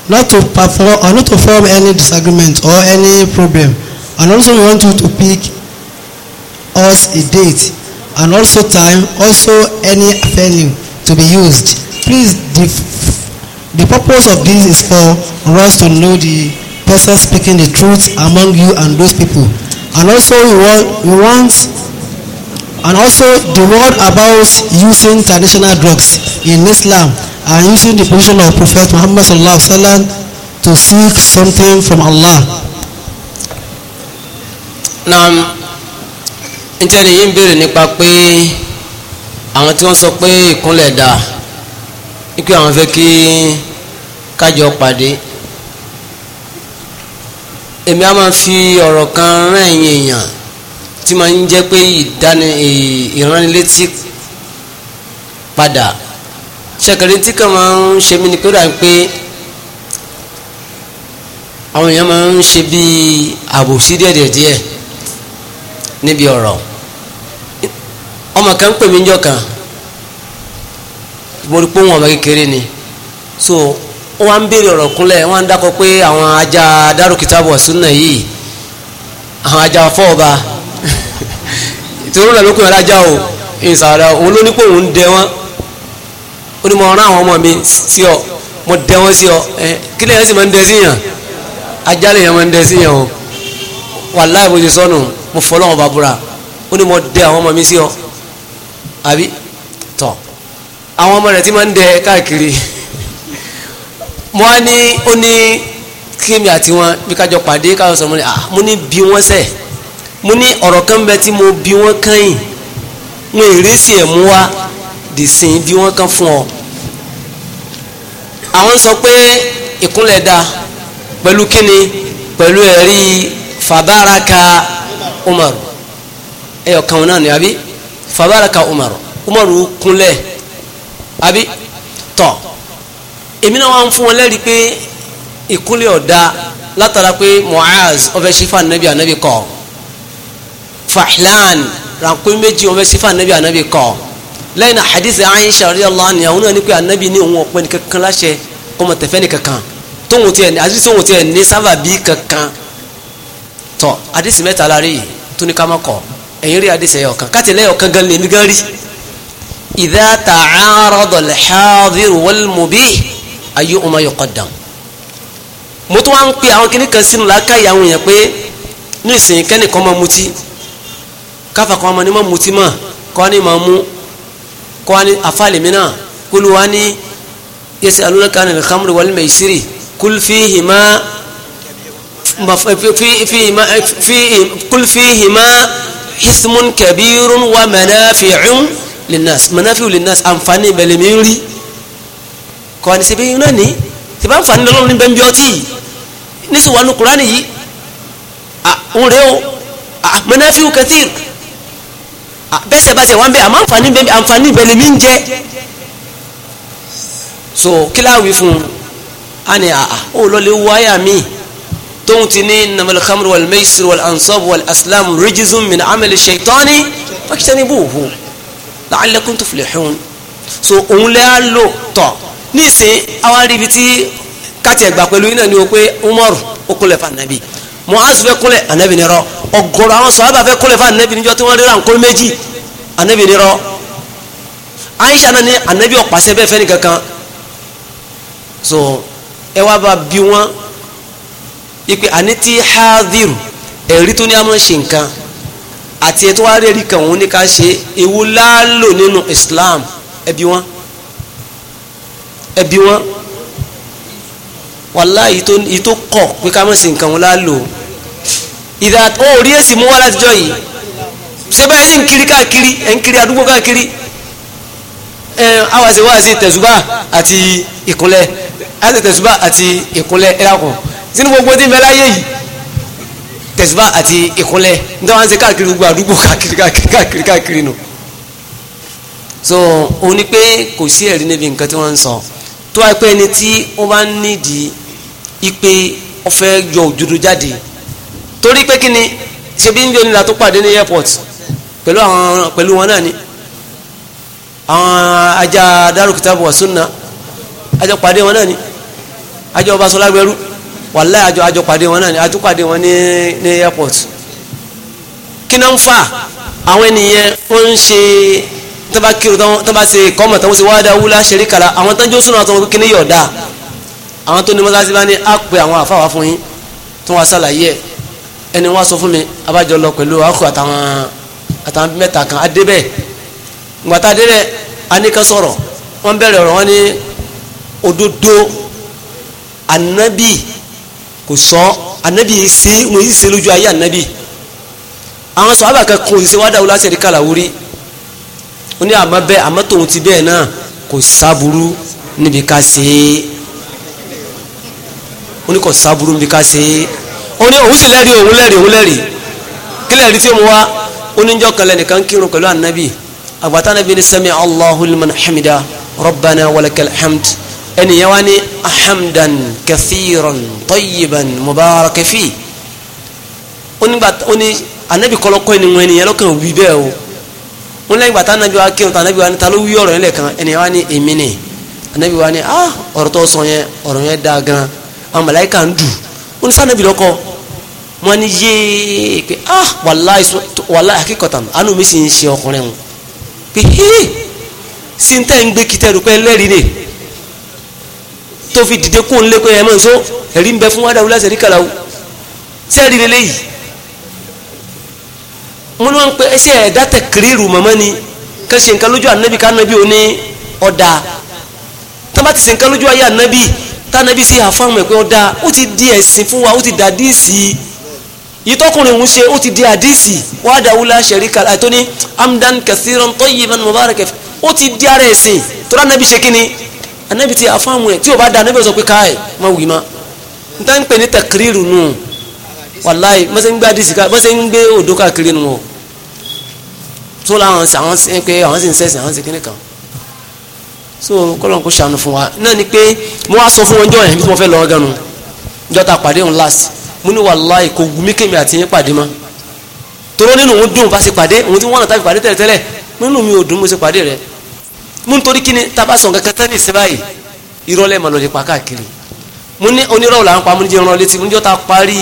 Not to perform or not to form any disagreement or any problem. And also we want you to pick us a date and also time, also any venue to be used. Please, the, the purpose of this is for us to know the person speaking the truth among you and those people and also we want we want and also the word about using traditional drugs in Islam and using the position of Prophet Muhammad sallallahu alaihi wasallam to seek something from Allah. naam ntẹ́ni yìí ń béèrè nípa pé àwọn tí wọ́n sọ pé ìkúnlẹ̀ dà ní pé àwọn fẹ́ kí kájọ pàdé èmi a máa fi ọ̀rọ̀ kan rán ẹ̀yin èèyàn tí máa ń jẹ́ pé ìdáni ìránnilétí padà ṣẹkẹrẹ tí kan máa ń ṣe mí ni pé rà ń pé àwọn èèyàn máa ń ṣe bíi àbòsí díẹ̀díẹ̀díẹ̀ níbi ọ̀rọ̀ ọmọ kan ń pè mí níjọ́ kan mo rí ọmọ kékeré ni so wọ́n ń béèrè ọ̀rọ̀ kúnlẹ̀ wọ́n ń dákọ pé àwọn ajá dárò kìtàbù ọ̀sùnà yìí àwọn ajá fọ́ọ̀ba ìtòrò rẹ̀ lókun alájà o ìsàrà òun ló ní pé òun dẹ wọn ó ní mo rán àwọn ọmọ mi sí ọ mo dẹ wọn sí ọ ẹ kí lèyàn sì máa ń dẹ sí yàn ajá lèyàn máa ń dẹ sí yàn o wàláhì bó ṣe sọnù mo fọ́ lọ́wọ́ bàbúrà ó ní mo dẹ àwọn ọmọ mi sí ọ àbí tọ àwọn ọmọ rẹ̀ ti máa ń dẹ káàkiri. mo á ní ó ní kíni àti wọn bí kájọ pàdé káwọn sọ mo ní ah mo ní bí wọn sẹ mo ní ọ̀rọ̀ kan bẹ tí mo bí wọn kẹ́yìn mo ìrísí ẹ̀ mú wa dì sìn bí wọn kan fún ọ àwọn sọ pé ìkúnlẹ̀ da pẹ̀lú kíni pẹ̀lú ẹ̀rí fàbáraka umaru ẹyọ kan náà ni àbí fàbáraka umaru umaru kúnlẹ̀ àbí tọ̀ èmi náà wọ́n fún wọn lẹ́rìí pé ìkúnlẹ̀ ọ̀dà látara pé Muaz ọ̀fẹ́ sífà nàbí ànábì kọ̀ Fahlan rànkún méjì ọ̀fẹ́ sífà nàbí ànábì kọ̀ lẹ́yìn náà hadithi Aisha radiyallahu anha àwọn náà ní pé ànábì ní òun ọ̀pẹ́ni kankan láṣẹ kọ́mọ tẹ̀fẹ́ ní kankan tóun tiẹ̀ ní àdìsí òun tiẹ̀ ní sábàbí kankan tọ́ àdìsí mẹ́ta la rí tó ní ká má kọ̀ ẹ̀yìn rí àdìsí ẹ̀yọ̀kan kátìlẹ̀ ẹ̀yọ̀kan gan lè mí gan rí. idha ta'arada al-hadir ayé ọmọ yọkọ dàn mo tún wá ń pe àwọn kìnnì kan sínú làákàyè àwọn èèyàn pé ní ìsìn kẹ́nìkan máa mutí káfà kan máa ní máa mutí mà kọ́ ni máa mú kọ́ ni àfàlẹ̀ mi náà kúlù wá ní yẹsẹ̀ alúlọ́kà ní al-khamri wal-maisiri kúlù fíhìmá kúlù fíhìmá hismun kabirun wa manafi'un linnas manafi'un linnas àǹfààní ìbẹ̀lẹ̀ mi rí kọ́ ni ṣebí iná ní ṣe bá ń fa nílọ́run ní bẹ́ẹ̀ bí ọtí níṣìí wọnú kúránì yìí òun rèé o àmọ́náfíù kẹtì bẹ́ẹ̀ sẹ́ bá ṣe wọ́n bẹ́ẹ̀ àmọ́ àǹfààní bẹ́ẹ̀ àǹfààní bẹ́ẹ̀ lèmi ń jẹ́ so kí láwìí fún un a ní àà ó lọ lè wáyà míì tóun ti ní nàmàlì khamru wal maisir wal ansab wal aslam rijizun min amali shaitani fakitanibuhu la'allakum tuflihun so òun lè lò tọ̀ nísìn àwọn aríbi tí káàtì ẹ̀gbà pẹ̀lú iná ni o pé Umar ó kúnlẹ̀ fún anabi Muaz fẹ́ kúnlẹ̀ anabi nírọ ọ̀gọ̀rọ̀ àwọn sọ̀rọ̀ bá fẹ́ kúnlẹ̀ fún anabi níjọ́ tí wọ́n rí ránkó méjì anabi nírọ Aisha náà ní anabi ó pàṣẹ bẹ́ẹ̀ fẹ́ni kankan so ẹ wá bá bí wọn ipe àní tí haadiru ẹ̀rí tó ní a máa ń ṣe nǹkan àti ẹ̀ tó wá rí ẹ̀rí kan òun ní ká ṣe ewu láàlò nínú Islam ẹbí wọn ẹbí wọn wàláhì yìí tó kọ̀ pé ká mọ̀ sí nǹkan wọn lálò ìdá ó rí èsì mú wá látijọ́ yìí sẹ́gbẹ́ ẹ̀ ń kiri káàkiri ẹ̀ ń kiri àdúgbò káàkiri ẹ̀ awàsí wàásí tẹ̀sùbà àti ìkúnlẹ̀ àti tẹ̀sùbà àti ìkúnlẹ̀ ẹ̀ lákùn sínú gbogbo tí ń bẹ yìí tẹ̀sùbà àti ìkúnlẹ̀ níta wá ṣe káàkiri gbogbo àdúgbò káàkiri káàkiri káàkiri nù so òun ni pé kò sí ẹ̀rí níbi nǹkan tí wọ́n ń sọ. So, tó wáyé pé ẹni tí wọ́n bá ń nídìí ipe ọ̀fẹ́ yọ òdodo jáde torí pé kí ni ṣebí ń jẹ́ nílá tó pàdé ní airport pẹ̀lú àwọn pẹ̀lú wọn náà ni àwọn ajá dárúkítàbù wà sunna ajọ pàdé wọn náà ni ajọ ọba sọlá gbẹrú wàláhì àjọ àjọ pàdé wọn náà ni àjọ pàdé wọn ní airport kí náà ń fà àwọn ènìyàn ó ń ṣe tó bá kírun tó bá ṣe kọ́mọ̀ tó ṣe wáyé dáwúlá ṣeré kàlá àwọn tó ń jó súnà tó ń kíní yọ̀ọ̀dá àwọn tó ní mọ́sáàsì bá ní á pe àwọn àfáwà fún yín tó wá sàlàyé ẹ̀ ẹni wá sọ fún mi abájọ lọ pẹ̀lú akọ àtàwọn àtàwọn mẹ́ta kan adébẹ̀ ngbàtà adébẹ̀ anìkan sọ̀rọ̀ wọ́n bẹ̀rẹ̀ ọ̀rọ̀ wọn ní òdodo anabi kò sọ anabi yìí ṣe wọn yìí lójú ayé anabi àwọn sọ abàkan kò ṣe wádàá wọlé àṣẹ ó ní àmọ́ bẹ́ẹ̀ àmọ́ tòun ti bẹ́ẹ̀ náà kò sábúrú níbi ká ṣe é ó ní kò sábúrú níbi ká ṣe é ó ní òun sì lẹ́rìí òun lẹ́rìí òun lẹ́rìí kí lẹ́rìí tí mo wá ó ní njọ́ kalẹ̀ nìkan kírun pẹ̀lú ànábì àgbàtà ànábì ní sami allahu liman hamida rabbana walakal hamd ẹnìyẹn wá ní ahamdan kathiran tayyiban mubarakafi ó ní ànábì kọ́lọ́kọ́ ẹni wọn ẹnìyẹn lọ́kàn wí bẹ́ẹ̀ o wọn lẹ́yìn gbàtà anabi wa kírun tán anabi wa ni ta ló wí ọ̀rọ̀ yẹn lẹ́ẹ̀kan ẹni wa ni èmi ni anabi wa ni ah ọ̀rọ̀ tó sọ yẹn ọ̀rọ̀ yẹn da gan àwọn màláíkà ń dù wọn ni sànàbí lọkọ wọn ni yéé pé ah wàláì wàláì akíkọ̀tàn àánú mi sì ń ṣe ọkùnrin wọn pé híì sí ń tẹ́ ń gbé kìtẹ́ rú pé lẹ́rìí ni tó dìde kó ń lé pé ẹ̀ mọ̀ nsó ẹ̀rí ń bẹ fún wádàá wúlásẹ̀ rí kàlàwù sẹ́ẹ̀rí lélẹ́yìí wọn wọn pe ẹsẹ ẹdá tẹ kiriru mọmọ ni kẹsì nǹkan lójú anabi kanabi ò ní ọdà tọba ti ṣe nǹkan lójú ayé anabi tanabi sì hàn fáwọn ẹgbẹ ọdà ó ti di ẹsìn fún wa ó ti di àdìsí ìtọkùnrin òun ṣe ó ti di àdìsí wàá dàwúlà sẹríkà àti tóní amdan kasiran tayyiban mubarak ó ti di ara ẹsìn tọ́lá anabi ṣe kíni anabi ti hàn fáwọn ẹ tí o bá da anabi sọ pé káà ẹ má wì má n ta ń pè ní tẹkiriru nù wàláì mọ́sẹ̀ ń gbé àdìsí ká mọ́sẹ̀ ń gbé òdó káàkiri nù wọ́n tó láwọn sí àwọn sí pé àwọn sì ń sẹ́sìn àwọn sì kíní kan so kọ́lọ́n kó ṣàánú fún wa náà ni pé mo wá sọ fún wọn jọ́ yẹn bí mo fẹ́ lọ ganu jọ́ta pàdé òun last mo ní wàláì kò gùn mí kémi àti yín pàdé mọ́ toró nínú òun dùn bá ṣe pàdé òun tí wọ́n náà tàbí pàdé tẹ́lẹ̀tẹ́lẹ̀ nínú mi ò dùn mo ṣe pàdé rẹ̀ mo ń torí kíni tá a bá sọ nǹkan kẹtẹ́ ní ìsìn báyìí ìrọ̀lẹ́ mà lọ lè pa káàkiri mo ní onírọ̀ làwọn pa mo ní jẹ́ ìrọ̀ létí mo ní jọ́ta parí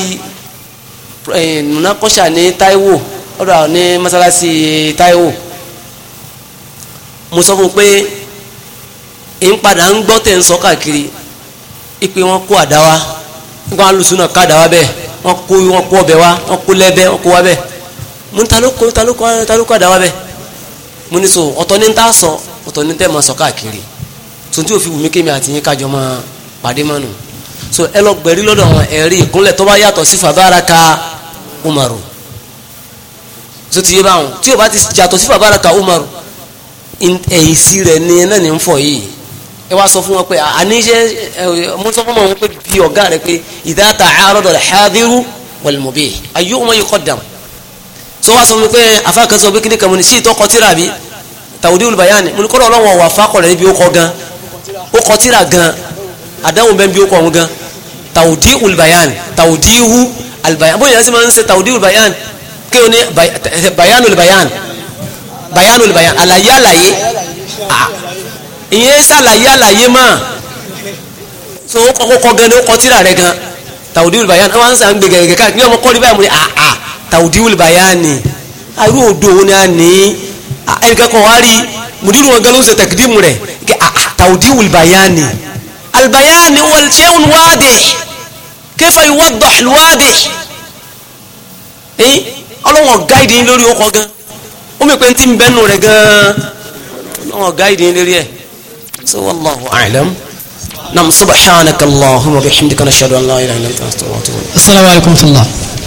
eh, nùnà kọ́ṣà ní Táíwò ọ̀dọ̀ àwọn ní mọ́sálásí Táíwò mo sọ fún un pé ń padà ń gbọ́ tẹ̀ ń sọ káàkiri ipe wọn kó àdáwá nípa wọn lùsùn náà ká àdáwá bẹ́ẹ̀ wọn kó wọn kó ọbẹ̀ wá wọn kó lẹ́bẹ̀ wọn kó wá bẹ́ẹ̀ mo ní ta ló kó ta ló kó ta ló kó àdáwá bẹ́ẹ̀ mo ní so ọ̀tọ̀ ní ta sọ ọ̀tọ̀ ní tẹ́ máa sọ káàkiri tuntun òfin wùmí kémi àti yín kájọ máa pàdé mánu so ẹ lọ gbẹ̀rí lọ́dọ̀ àwọn ẹ̀rí ìkúnlẹ̀ tó bá yàtọ̀ sí fàbáraka Umaru tó ti yé báwọn tí o bá ti jàtọ̀ sí bàbá raka Umaru ẹ̀yìn sí rẹ̀ ni náà ní ń fọ̀ yìí ẹ wá sọ fún wọn pé àníṣe mo sọ fún wọn pé bí ọ̀gá rẹ pé idha ta'arada al-hadiru wal-mubih ayyuhuma yuqaddam tó wá sọ fún mi pé afákàtúntò pé kíni kan mo ní sí ìtọ́kọ tíra bí Tawdihul Bayan mo ní kọ́ lọ́wọ́ wọn wà fákọ̀ rẹ̀ níbi ó kọ́ gan ó kọ́ gan àdáhùn bẹ́ẹ̀ bí ó kọ́ ọ̀hún gan Tawdihul Bayan Tawdihul Bayan bóyá sì máa ń ṣe Tawdihul Bayan kí o ní bayanul bayan bayanul bayan àlàyé àlàyé ìyẹn sàlàyé àlàyé mọ́ so ó kọ́kọ́ kọ́ gan ni ó kọ́ tíra rẹ̀ gan tàwùdíwìl bayan wọn sàn gbé gẹ̀gẹ̀ káàkiri ní ọmọ kọ́ni báyìí mo ní àà tàwùdíwìl bayan ni arú odò wo ni a ní ẹnìkan kan wá rí mùdírù wọn gan ló ń kí àà tàwùdíwìl bayan ni wọn ṣé ń wádìí kéfà ìwádìí ọlọ́wọ̀n gáìdì yín lórí okọ̀ gan ó mi pé ti ń bẹ́nu rẹ̀ gan ọlọ́wọ̀n gáìdì yín lórí ẹ̀ so wallahu a'lam nam subhanaka allahumma wa bihamdika nashhadu an la ilaha illa anta astaghfiruka wa atubu ilayk assalamu wa